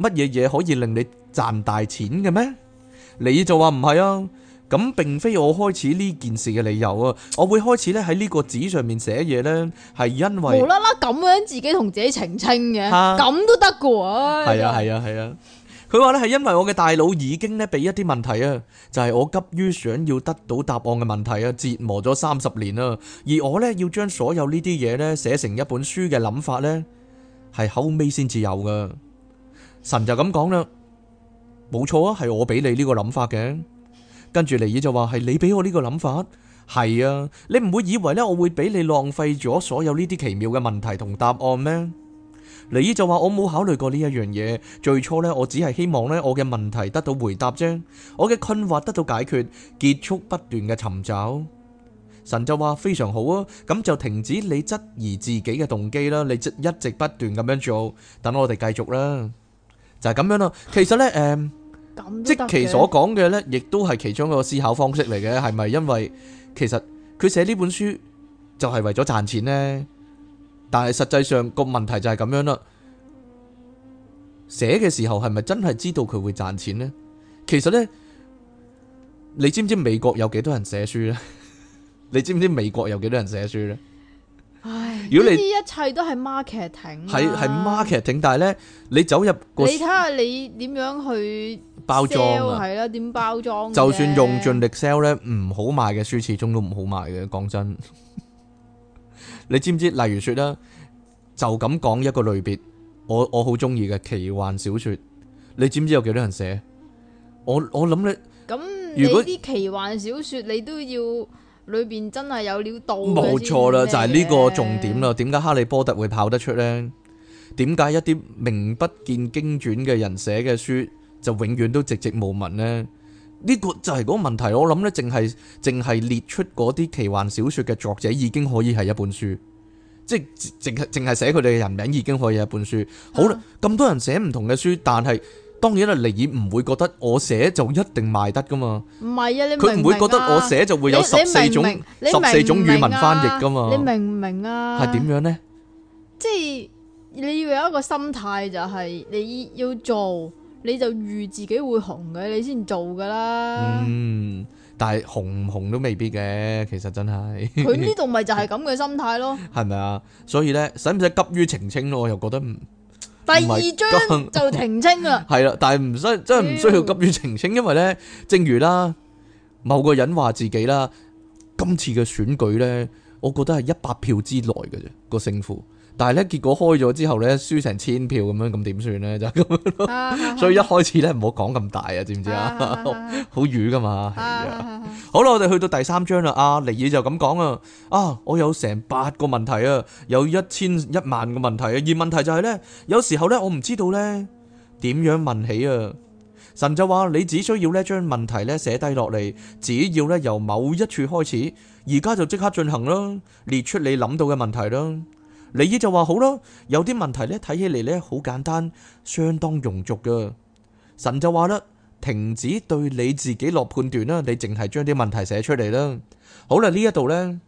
乜嘢嘢可以令你賺大錢嘅咩？尼爾就話唔係啊？咁並非我開始呢件事嘅理由啊！我會開始咧喺呢個紙上面寫嘢咧，係因為無啦啦咁樣自己同自己澄清嘅，咁都得噶？係啊係啊係啊！佢話咧係因為我嘅大腦已經咧俾一啲問題啊，就係我急於想要得到答案嘅問題啊折磨咗三十年啦，而我咧要將所有呢啲嘢咧寫成一本書嘅諗法咧，係後尾先至有噶。神就咁講啦，冇錯啊，係我俾你呢個諗法嘅。跟住尼爾就話係你俾我呢個諗法，係啊，你唔會以為呢，我會俾你浪費咗所有呢啲奇妙嘅問題同答案咩？尼爾就話我冇考慮過呢一樣嘢，最初呢，我只係希望呢，我嘅問題得到回答啫，我嘅困惑得到解決，結束不斷嘅尋找。神就話非常好啊，咁就停止你質疑自己嘅動機啦，你一直不斷咁樣做，等我哋繼續啦，就係、是、咁樣咯。其實呢，誒、呃。即其所講嘅呢，亦都係其中一個思考方式嚟嘅，係咪？因為其實佢寫呢本書就係為咗賺錢呢？但係實際上個問題就係咁樣啦。寫嘅時候係咪真係知道佢會賺錢呢？其實呢，你知唔知美國有幾多人寫書呢？ [LAUGHS] 你知唔知美國有幾多人寫書呢？唉如果你呢一切都係 marketing，係係 marketing，但係咧，你走入個，你睇下你點樣去包裝係、啊、啦，點包裝？就算用盡力 sell 咧，唔好賣嘅書始終都唔好賣嘅。講真， [LAUGHS] 你知唔知？例如說啦，就咁講一個類別，我我好中意嘅奇幻小説，你知唔知有幾多人寫？我我諗你，咁那如果啲奇幻小説你都要。裏邊真係有料到，冇錯啦，就係呢個重點啦。點解哈利波特會跑得出呢？點解一啲名不見經傳嘅人寫嘅書就永遠都寂寂無聞呢？呢、呢個就係嗰個問題。我諗呢，淨係淨係列出嗰啲奇幻小說嘅作者已經可以係一本書，即係淨係淨係寫佢哋嘅人名已經可以係一本書。好，咁、啊、多人寫唔同嘅書，但係。當然啦，尼爾唔會覺得我寫就一定賣得噶嘛。唔係啊，你明唔明啊？佢唔會覺得我寫就會有十四種、十四種語文翻譯噶嘛？你明唔明啊？係點樣咧？即係你要有一個心態，就係你要做，你就預自己會紅嘅，你先做噶啦。嗯，但係紅唔紅都未必嘅，其實真係。佢呢度咪就係咁嘅心態咯，係咪啊？所以咧，使唔使急於澄清咯？我又覺得。第二章就澄清啦，係啦，但係唔需真係唔需要急於澄清，因為呢，正如啦，某個人話自己啦，今次嘅選舉呢，我覺得係一百票之內嘅啫，個勝負。但係咧，結果開咗之後咧，輸成千票咁樣，咁點算呢？就咁樣咯。所以一開始咧，唔好講咁大啊，知唔知啊？好語噶嘛。係啊。好啦，我哋去到第三章啦。阿、啊、尼爾就咁講啊。啊，我有成八個問題啊，有一千一萬個問題啊。而問題就係、是、呢，有時候呢，我唔知道呢點樣問起啊。神就話你只需要呢將問題呢寫低落嚟，只要呢由某一處開始，而家就即刻進行啦，列出你諗到嘅問題啦。利伊就話好啦，有啲問題咧睇起嚟咧好簡單，相當庸俗噶神就話啦，停止對你自己落判斷啦，你淨係將啲問題寫出嚟啦。好啦，呢一度咧，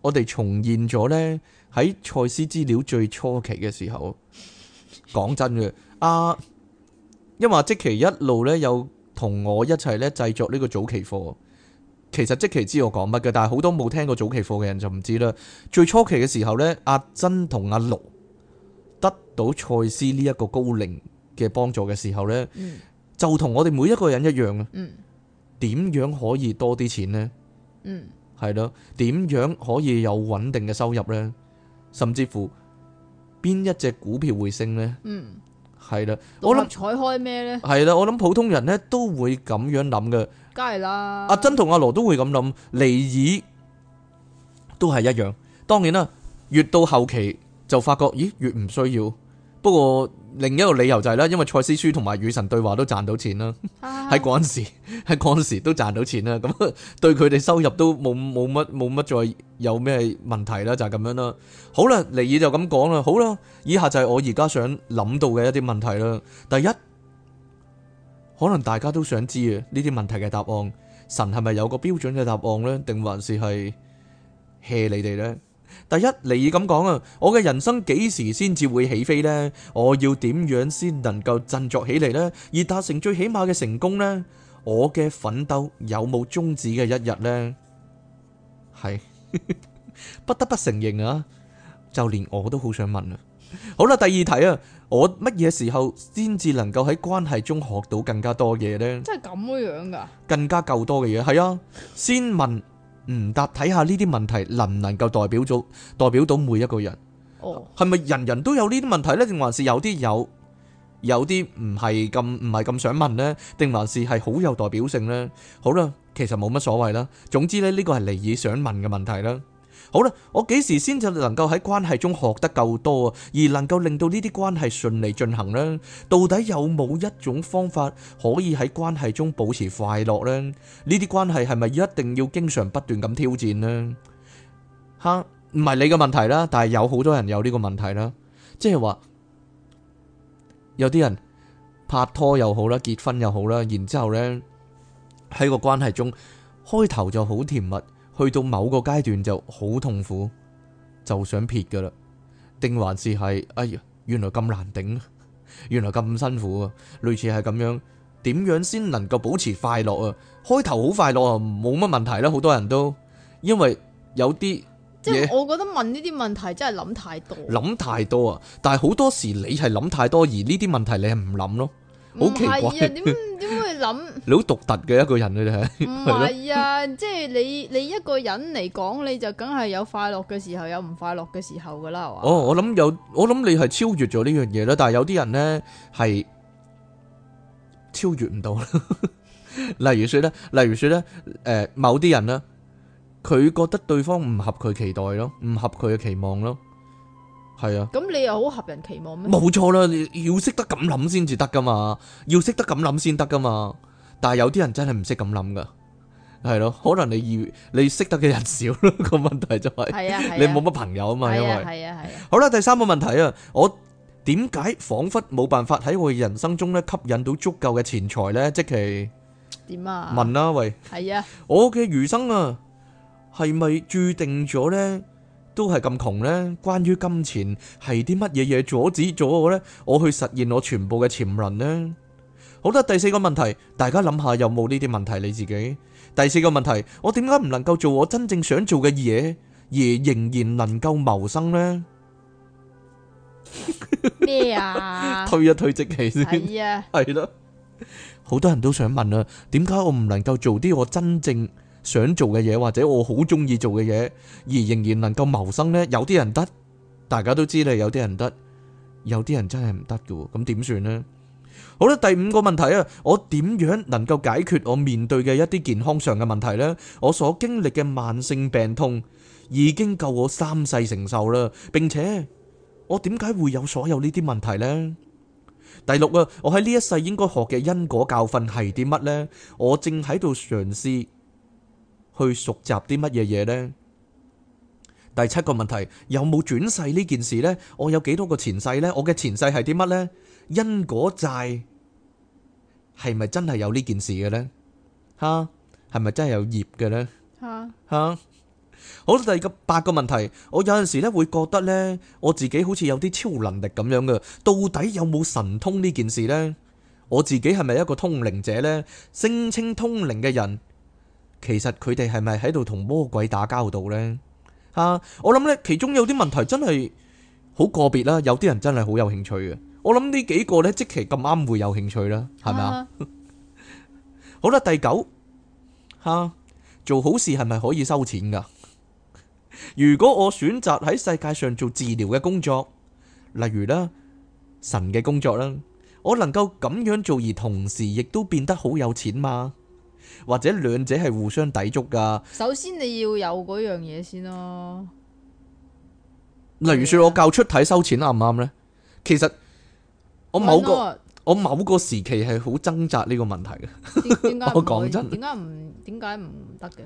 我哋重現咗咧喺賽斯資料最初期嘅時候。講真嘅，阿、啊，因為即期一路咧有同我一齊咧製作呢個早期課。其實即係知我講乜嘅，但係好多冇聽過早期課嘅人就唔知啦。最初期嘅時候呢，阿珍同阿羅得到賽斯呢一個高齡嘅幫助嘅時候呢，嗯、就同我哋每一個人一樣啊。點、嗯、樣可以多啲錢呢？係咯、嗯，點樣可以有穩定嘅收入呢？甚至乎邊一隻股票會升呢？係啦、嗯的，我諗彩開咩呢？係啦，我諗普通人呢都會咁樣諗嘅。梗係啦，阿珍同阿羅都會咁諗，尼爾都係一樣。當然啦，越到後期就發覺，咦，越唔需要。不過另一個理由就係啦，因為蔡思書同埋與神對話都賺到錢啦，喺嗰陣時，喺嗰陣時都賺到錢啦。咁對佢哋收入都冇冇乜冇乜再有咩問題啦，就係咁樣啦。好啦，尼爾就咁講啦。好啦，以下就係我而家想諗到嘅一啲問題啦。第一。可能大家都想知啊，呢啲問題嘅答案，神係咪有個標準嘅答案呢，定還是係 hea 你哋呢？第一，你咁講啊，我嘅人生幾時先至會起飛呢？我要點樣先能夠振作起嚟呢？而達成最起碼嘅成功呢？我嘅奮鬥有冇終止嘅一日呢？係不得不承認啊，就連我都好想問啊。好啦，第二題啊。我乜嘢時候先至能夠喺關係中學到更加多嘢呢？真係咁嘅樣噶？更加夠多嘅嘢，係啊，先問唔答，睇下呢啲問題能唔能夠代表咗代表到每一個人？哦，係咪人人都有呢啲問題呢？定還是有啲有，有啲唔係咁唔係咁想問呢？定還是係好有代表性呢？好啦，其實冇乜所謂啦。總之呢，呢個係尼爾想問嘅問題啦。好啦，我幾時先就能夠喺關係中學得夠多，而能夠令到呢啲關係順利進行呢？到底有冇一種方法可以喺關係中保持快樂呢？呢啲關係係咪一定要經常不斷咁挑戰呢？吓，唔係你嘅問題啦，但係有好多人有呢個問題啦，即係話有啲人拍拖又好啦，結婚又好啦，然之後呢，喺個關係中開頭就好甜蜜。去到某個階段就好痛苦，就想撇噶啦，定還是係哎呀，原來咁難頂啊，原來咁辛苦啊，類似係咁樣，點樣先能夠保持快樂啊？開頭好快樂啊，冇乜問題啦，好多人都因為有啲，即係我覺得問呢啲問題真係諗太多，諗太多啊！但係好多時你係諗太多，而呢啲問題你係唔諗咯。唔係啊，點點會諗？ [LAUGHS] 你好獨特嘅一個人你係。唔係啊，即係 [LAUGHS] 你你一個人嚟講，你就梗係有快樂嘅時候，有唔快樂嘅時候噶啦，係嘛？哦，我諗有，我諗你係超越咗呢樣嘢啦。但係有啲人咧係超越唔到， [LAUGHS] 例如說咧，例如說咧，誒，某啲人咧，佢覺得對方唔合佢期待咯，唔合佢嘅期望咯。係啊，咁你又好合人期望咩？冇錯啦，你要識得咁諗先至得噶嘛，要識得咁諗先得噶嘛。但係有啲人真係唔識咁諗噶，係咯？可能你要你識得嘅人少咯，個問題就係，你冇乜朋友啊嘛，因為，係啊，係啊，係啊。好啦，第三個問題啊，我點解仿佛冇辦法喺我人生中咧吸引到足夠嘅錢財咧？即係點啊？問啦，喂，係啊，我嘅餘生啊，係咪注定咗咧？都係咁窮呢。關於金錢係啲乜嘢嘢阻止咗我呢？我去實現我全部嘅潛能呢。好啦，第四個問題，大家諗下有冇呢啲問題你自己？第四個問題，我點解唔能夠做我真正想做嘅嘢，而仍然能夠謀生呢？咩啊？退一退積期先。係啊，係咯。好多人都想問啊，點解我唔能夠做啲我真正？想做嘅嘢，或者我好中意做嘅嘢，而仍然能夠謀生呢。有啲人得，大家都知啦。有啲人得，有啲人真係唔得㗎。咁點算呢？好啦，第五個問題啊，我點樣能夠解決我面對嘅一啲健康上嘅問題呢？我所經歷嘅慢性病痛已經夠我三世承受啦，並且我點解會有所有呢啲問題呢？第六啊，我喺呢一世應該學嘅因果教訓係啲乜呢？我正喺度嘗試。去熟習啲乜嘢嘢呢？第七個問題，有冇轉世呢件事呢？我有幾多個前世呢？我嘅前世係啲乜呢？因果債係咪真係有呢件事嘅呢？吓，係咪真係有業嘅呢？吓吓，好啦，第二個八個問題，我有陣時咧會覺得呢，我自己好似有啲超能力咁樣嘅，到底有冇神通呢件事呢？我自己係咪一個通靈者呢？聲稱通靈嘅人？其實佢哋係咪喺度同魔鬼打交道呢？啊，我諗呢，其中有啲問題真係好個別啦。有啲人真係好有興趣嘅。我諗呢幾個呢，即期咁啱會有興趣啦，係咪啊？ [LAUGHS] 好啦，第九吓，啊，做好事係咪可以收錢噶？ [LAUGHS] 如果我選擇喺世界上做治療嘅工作，例如呢，神嘅工作啦，我能夠咁樣做而同時亦都變得好有錢嘛。或者兩者係互相抵觸噶首先你要有嗰樣嘢先咯。例如說我教出體收錢啱唔啱咧？其實我某個我，我某個時期係好掙扎呢個問題嘅。點解唔，我講真，點解唔，點解唔得嘅？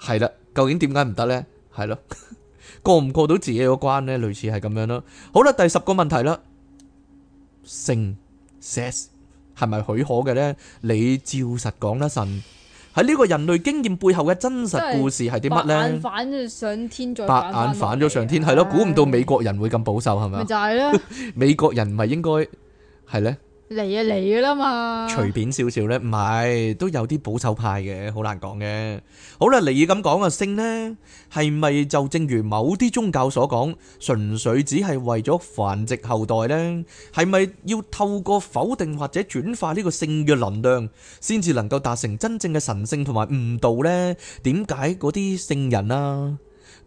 係啦， [LAUGHS] 究竟點解唔得咧？係咯， [LAUGHS] 過唔過到自己嗰關咧？類似係咁樣咯。好啦，第十個問題啦，性係咪許可嘅咧？你照實講得順。喺呢個人類經驗背後嘅真實故事係啲乜咧？白眼反咗上、上天，再白眼反咗上天，係咯？估唔到美國人會咁保守，係咪？就係啦！ [LAUGHS] 美國人唔係應該係咧？嚟啊嚟啦嘛！隨便少少咧，唔係都有啲保守派嘅，好難講嘅。好啦，尼爾咁講啊，性呢，係咪就正如某啲宗教所講，純粹只係為咗繁殖後代呢？係咪要透過否定或者轉化呢個性嘅能量，先至能夠達成真正嘅神聖同埋悟道呢？點解嗰啲聖人啊，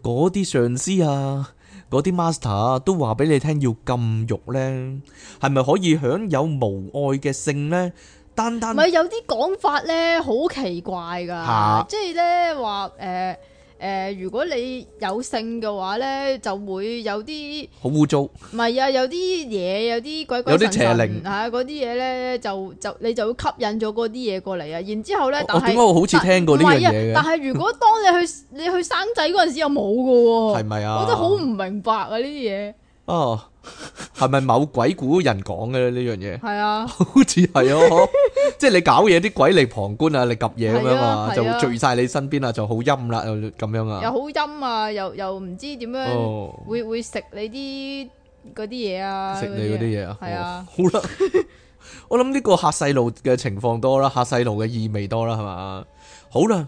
嗰啲上司啊？嗰啲 master 都話俾你聽要禁欲呢，係咪可以享有無愛嘅性呢？單單唔係有啲講法呢好奇怪噶，即係呢話誒。誒、呃，如果你有性嘅話咧，就會有啲好污糟。唔係啊，有啲嘢，有啲鬼鬼神神，有啲邪靈，嗰啲嘢咧就就你就會吸引咗嗰啲嘢過嚟啊。然之後咧，但係點解我好似聽過一樣嘢嘅？唔係啊，但係如果當你去你去生仔嗰陣時，又冇嘅喎，係咪啊？我都好唔明白啊！呢啲嘢。哦，係咪某鬼古人講嘅呢樣嘢？係啊， [LAUGHS] 好似係 [LAUGHS] 啊。即係你搞嘢啲鬼嚟旁觀啊，你及嘢咁樣,樣、哦、啊，就聚晒你身邊啊，就好陰啦，咁樣啊，又好陰啊，又又唔知點樣，會會食你啲嗰啲嘢啊，食你嗰啲嘢啊，係啊，好啦， [LAUGHS] [LAUGHS] 我諗呢個吓細路嘅情況多啦，吓細路嘅意味多啦，係嘛，好啦。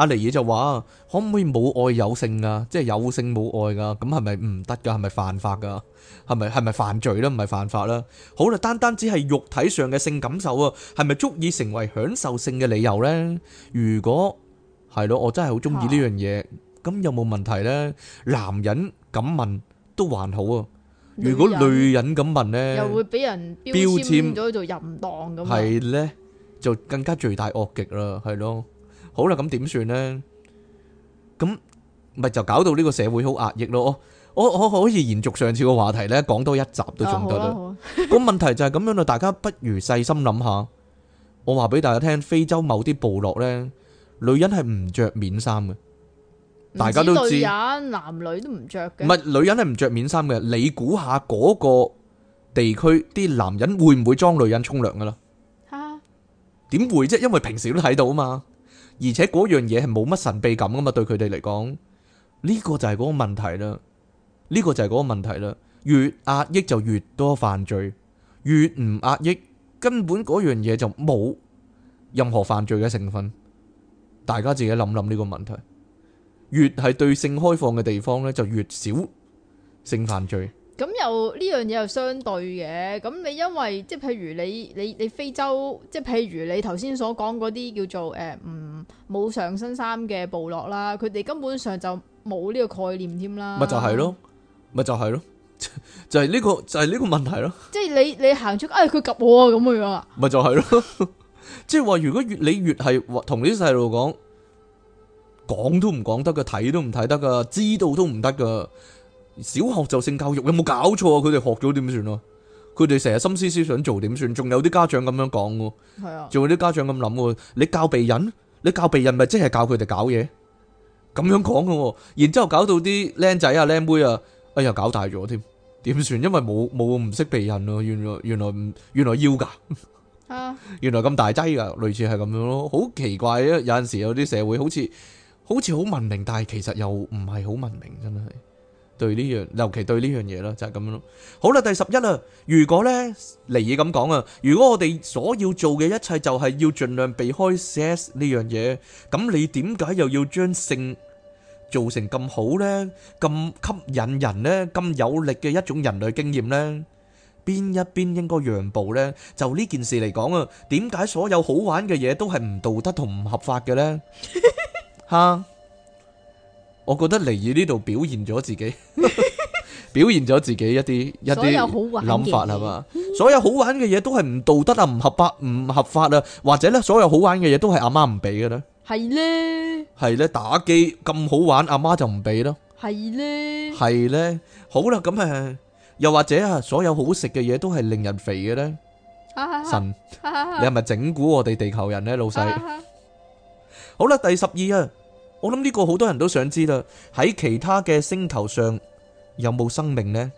阿尼爾就話：可唔可以冇愛有性啊？即係有性冇愛噶？咁係咪唔得噶？係咪犯法噶？係咪係咪犯罪咧？唔係犯法啦？好啦，單單只係肉體上嘅性感受啊，係咪足以成為享受性嘅理由咧？如果係咯，我真係好中意呢樣嘢，咁有冇問題咧？男人咁問都還好啊，如果女人咁問咧，又會俾人標籤咗做淫蕩咁，係咧就更加罪大惡極啦，係咯。好啦，咁點算呢？咁咪就搞到呢個社會好壓抑咯。我我可可以延續上次個話題呢，講多一集都仲得啦。咁問題就係咁樣啦，大家不如細心諗下。我話俾大家聽，非洲某啲部落呢，女人係唔着面衫嘅。大家都知，男女都唔着嘅。唔係，女人係唔着面衫嘅。你估下嗰個地區啲男人會唔會裝女人沖涼噶啦？吓？點會啫？因為平時都睇到啊嘛。而且嗰樣嘢係冇乜神秘感㗎嘛，對佢哋嚟講，呢個就係嗰個問題啦。呢個就係嗰個問題啦。越壓抑就越多犯罪，越唔壓抑，根本嗰樣嘢就冇任何犯罪嘅成分。大家自己諗諗呢個問題。越係對性開放嘅地方呢，就越少性犯罪。咁又呢樣嘢又相對嘅，咁你因為即係譬如你你你，你非洲，即係譬如你頭先所講嗰啲叫做誒，唔、呃、冇上身衫嘅部落啦，佢哋根本上就冇呢個概念添啦。咪就係咯，咪就係咯，就係呢個就係呢個問題咯。即係你你行出，誒佢夾我啊咁嘅樣啊，咪就係咯。即係話如果越你越係同啲細路講，講都唔講得噶，睇都唔睇得噶，知道都唔得噶。小學就性教育有冇搞錯啊？佢哋學咗點算啊？佢哋成日心思思想做點算？仲有啲家長咁樣講喎，係啊，仲有啲家長咁諗喎。你教避孕，你教避孕咪即係教佢哋搞嘢？咁樣講嘅，然之後搞到啲僆仔啊、僆妹啊，哎呀搞大咗添，點算？因為冇冇唔識避孕咯，原來原來唔原來要噶，啊，原來咁 [LAUGHS] 大劑噶，類似係咁樣咯，好奇怪啊！有陣時有啲社會好似好似好文明，但係其實又唔係好文明，真係。對呢樣，尤其對呢樣嘢咯，就係咁樣咯。好啦，第十一啦。如果呢，嚟嘢咁講啊，如果我哋所要做嘅一切就係要盡量避開 sex 呢樣嘢，咁你點解又要將性做成咁好呢，咁吸引人呢，咁有力嘅一種人類經驗呢，邊一邊應該讓步呢？就呢件事嚟講啊，點解所有好玩嘅嘢都係唔道德同唔合法嘅呢？吓！我覺得嚟於呢度表現咗自己，表現咗自己一啲一啲諗法係嘛，所有好玩嘅嘢都係唔道德啊，唔合法唔合法啊，或者咧所有好玩嘅嘢都係阿媽唔俾嘅咧，係咧係咧，打機咁好玩，阿媽就唔俾咯，係咧係咧，好啦咁啊，又或者啊，所有好食嘅嘢都係令人肥嘅咧，神，你係咪整蠱我哋地球人咧，老細？好啦，第十二啊。我諗呢個好多人都想知啦，喺其他嘅星球上有冇生命呢？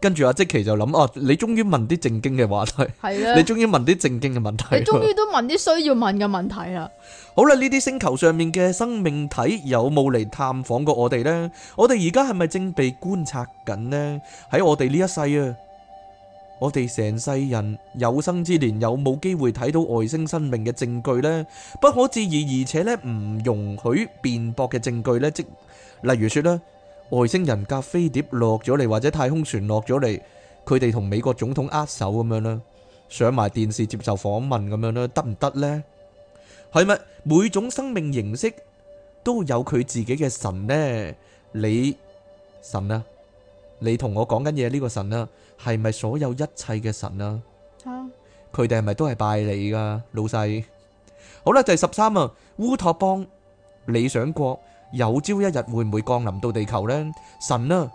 跟住阿即奇就諗啊，你終於問啲正經嘅話題，係啊 [LAUGHS] 你終於問啲正經嘅問題，你終於都問啲需要問嘅問題啦。好啦，呢啲星球上面嘅生命體有冇嚟探訪過我哋呢？我哋而家係咪正被觀察緊呢？喺我哋呢一世啊？我哋成世人有生之年有冇機會睇到外星生命嘅證據呢？不可置疑，而且呢唔容許辯駁嘅證據呢，即例如說呢，外星人架飛碟落咗嚟，或者太空船落咗嚟，佢哋同美國總統握手咁樣啦，上埋電視接受訪問咁樣啦，得唔得呢？係咪每種生命形式都有佢自己嘅神呢？你神啊，你同我講緊嘢呢個神啊？係咪所有一切嘅神啊？佢哋係咪都係拜你噶，老細？好啦，第十三啊，烏托邦、理想國有朝一日會唔會降臨到地球呢？神啊，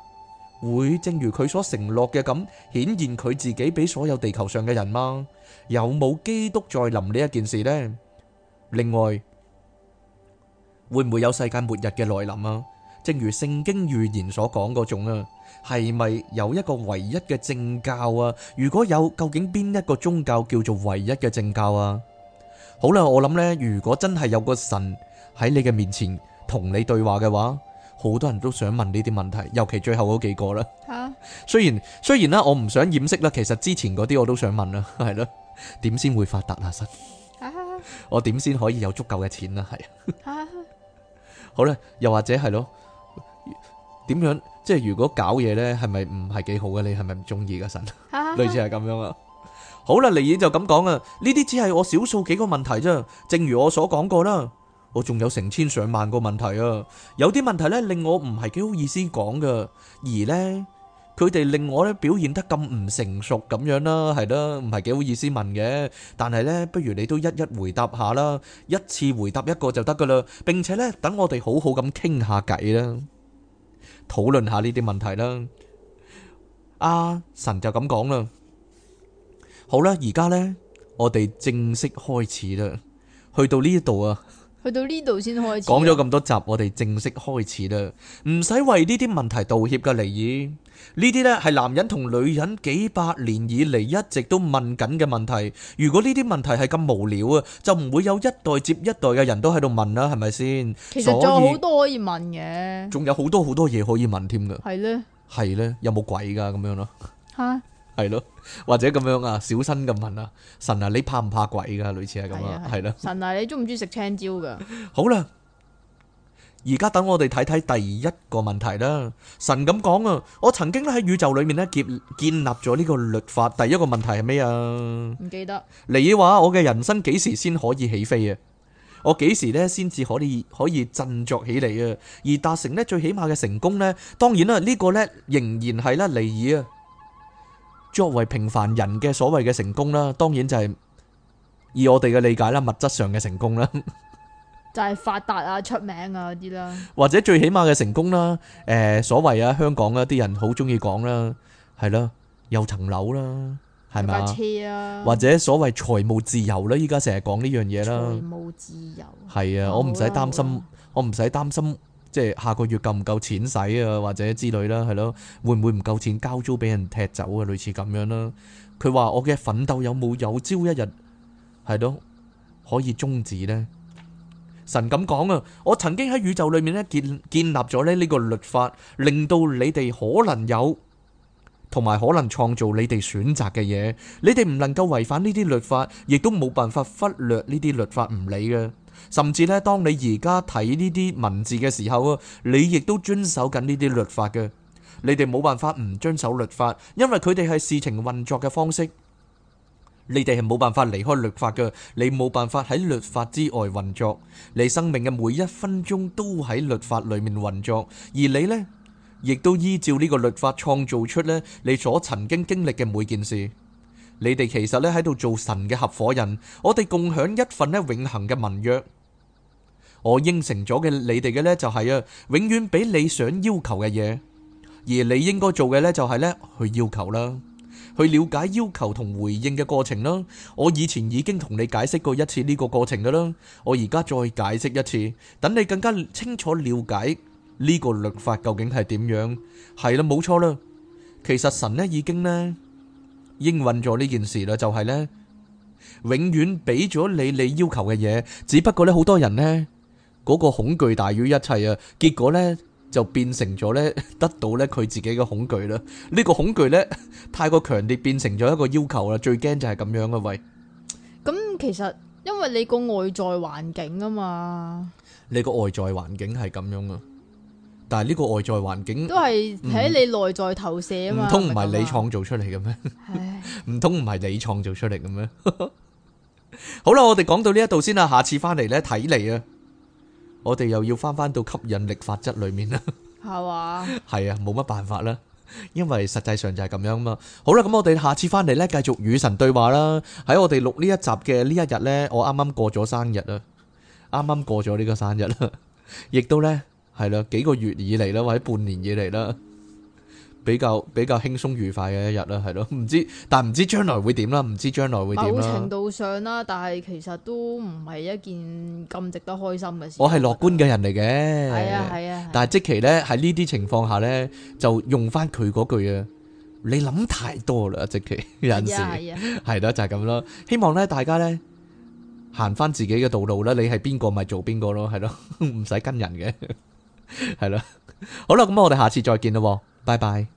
會正如佢所承諾嘅咁，顯現佢自己俾所有地球上嘅人嗎？有冇基督再臨呢一件事呢？另外，會唔會有世界末日嘅來臨啊？正如聖經預言所講嗰種啊。係咪有一個唯一嘅正教啊？如果有，究竟邊一個宗教叫做唯一嘅正教啊？好啦，我諗呢，如果真係有個神喺你嘅面前同你對話嘅話，好多人都想問呢啲問題，尤其最後嗰幾個啦。吓、啊，雖然雖然啦，我唔想掩飾啦，其實之前嗰啲我都想問啦，係咯，點先會發達啊？神，我點先可以有足夠嘅錢啦？係、啊、好啦，又或者係咯。點樣即係如果搞嘢咧，係咪唔係幾好嘅？你係咪唔中意嘅神？類似係咁樣啊。好啦，尼爾就咁講啊。呢啲只係我少數幾個問題啫。正如我所講過啦，我仲有成千上萬個問題啊。有啲問題咧，令我唔係幾好意思講㗎，而咧佢哋令我咧表現得咁唔成熟咁樣啦，係啦，唔係幾好意思問嘅。但係咧，不如你都一一回答下啦，一次回答一個就得噶啦，並且咧等我哋好好咁傾下偈啦。討論下呢啲問題啦，阿、啊、神就咁講啦。好啦，而家咧，我哋正式開始啦，去到呢一度啊。去到呢度先開始，講咗咁多集，我哋正式開始啦，唔使為呢啲問題道歉噶，尼爾，呢啲咧係男人同女人幾百年以嚟，一直都問緊嘅問題。如果呢啲問題係咁無聊啊，就唔會有一代接一代嘅人都喺度問啦，係咪先？其實仲有好多可以問嘅，仲有好多好多嘢可以問添噶。係咧，係咧，有冇鬼噶咁樣咯？吓！係咯，或者咁樣啊，小心咁問啦。神啊，你怕唔怕鬼噶？類似係咁啊，係咯。神啊，你中唔中意食青椒噶？好啦，而家等我哋睇睇第一個問題啦。神咁講啊，我曾經咧喺宇宙裏面咧建建立咗呢個律法。第一個問題係咩啊？唔記得。尼爾話：我嘅人生幾時先可以起飛啊？我幾時咧先至可以可以振作起嚟啊？而達成咧最起碼嘅成功咧，當然啦，呢個咧仍然係咧尼爾啊。作為平凡人嘅所謂嘅成功啦，當然就係以我哋嘅理解啦，物質上嘅成功啦，就係發達啊、出名啊嗰啲啦，或者最起碼嘅成功啦，誒所謂啊香港啊啲人好中意講啦，係啦有層樓啦，係咪，或者所謂財務自由啦，依家成日講呢樣嘢啦，財務自由係啊，我唔使擔心，我唔使擔心。即係下個月夠唔夠錢使啊，或者之類啦，係咯，會唔會唔夠錢交租俾人踢走啊？類似咁樣啦。佢話我嘅奮鬥有冇有朝一日係咯可以終止呢？神咁講啊，我曾經喺宇宙裏面咧建建立咗咧呢個律法，令到你哋可能有，同埋可能創造你哋選擇嘅嘢。你哋唔能夠違反呢啲律法，亦都冇辦法忽略呢啲律法唔理嘅。甚至呢，當你而家睇呢啲文字嘅時候啊，你亦都遵守緊呢啲律法嘅。你哋冇辦法唔遵守律法，因為佢哋係事情運作嘅方式。你哋係冇辦法離開律法嘅，你冇辦法喺律法之外運作。你生命嘅每一分鐘都喺律法裏面運作，而你呢，亦都依照呢個律法創造出呢你所曾經經歷嘅每件事。你哋其實呢喺度做神嘅合夥人，我哋共享一份呢永恆嘅盟約。我應承咗嘅你哋嘅呢就係啊，永遠俾你想要求嘅嘢，而你應該做嘅呢就係呢去要求啦，去了解要求同回應嘅過程啦。我以前已經同你解釋過一次呢個過程噶啦，我而家再解釋一次，等你更加清楚了解呢個律法究竟係點樣。係啦，冇錯啦，其實神呢已經呢應允咗呢件事啦，就係呢永遠俾咗你你要求嘅嘢，只不過呢好多人呢。嗰個恐懼大於一切啊！結果呢，就變成咗呢，得到呢，佢自己嘅恐懼啦。呢、這個恐懼呢，太過強烈，變成咗一個要求啦。最驚就係咁樣啊，喂！咁其實因為你，外環你外環個外在環境啊嘛，你個外在環境係咁樣啊，但係呢個外在環境都係喺你內在投射啊嘛，唔通唔係你創造出嚟嘅咩？唔通唔係你創造出嚟嘅咩？ [LAUGHS] 好啦，我哋講到呢一度先啦，下次翻嚟呢，睇你啊！我哋又要翻翻到吸引力法則裏面啦吧，係話係啊，冇乜辦法啦，因為實際上就係咁樣嘛。好啦，咁我哋下次翻嚟呢，繼續與神對話啦。喺我哋錄呢一集嘅呢一日呢，我啱啱過咗生日啊，啱啱過咗呢個生日啦，亦都呢，係啦幾個月以嚟啦，或者半年以嚟啦。比較比較輕鬆愉快嘅一日啦，係咯，唔知但唔知將來會點啦，唔知將來會點啦。某程度上啦，但係其實都唔係一件咁值得開心嘅事。我係樂觀嘅人嚟嘅，係啊係啊。但係即期咧喺呢啲情況下咧，就用翻佢嗰句啊，你諗太多啦，即期有陣時係咯就係、係、咁咯。希望咧大家咧行翻自己嘅道路啦，你係邊個咪做邊個咯，係咯唔使跟人嘅，係 [LAUGHS] 咯。好啦，咁我哋下次再見啦，拜拜。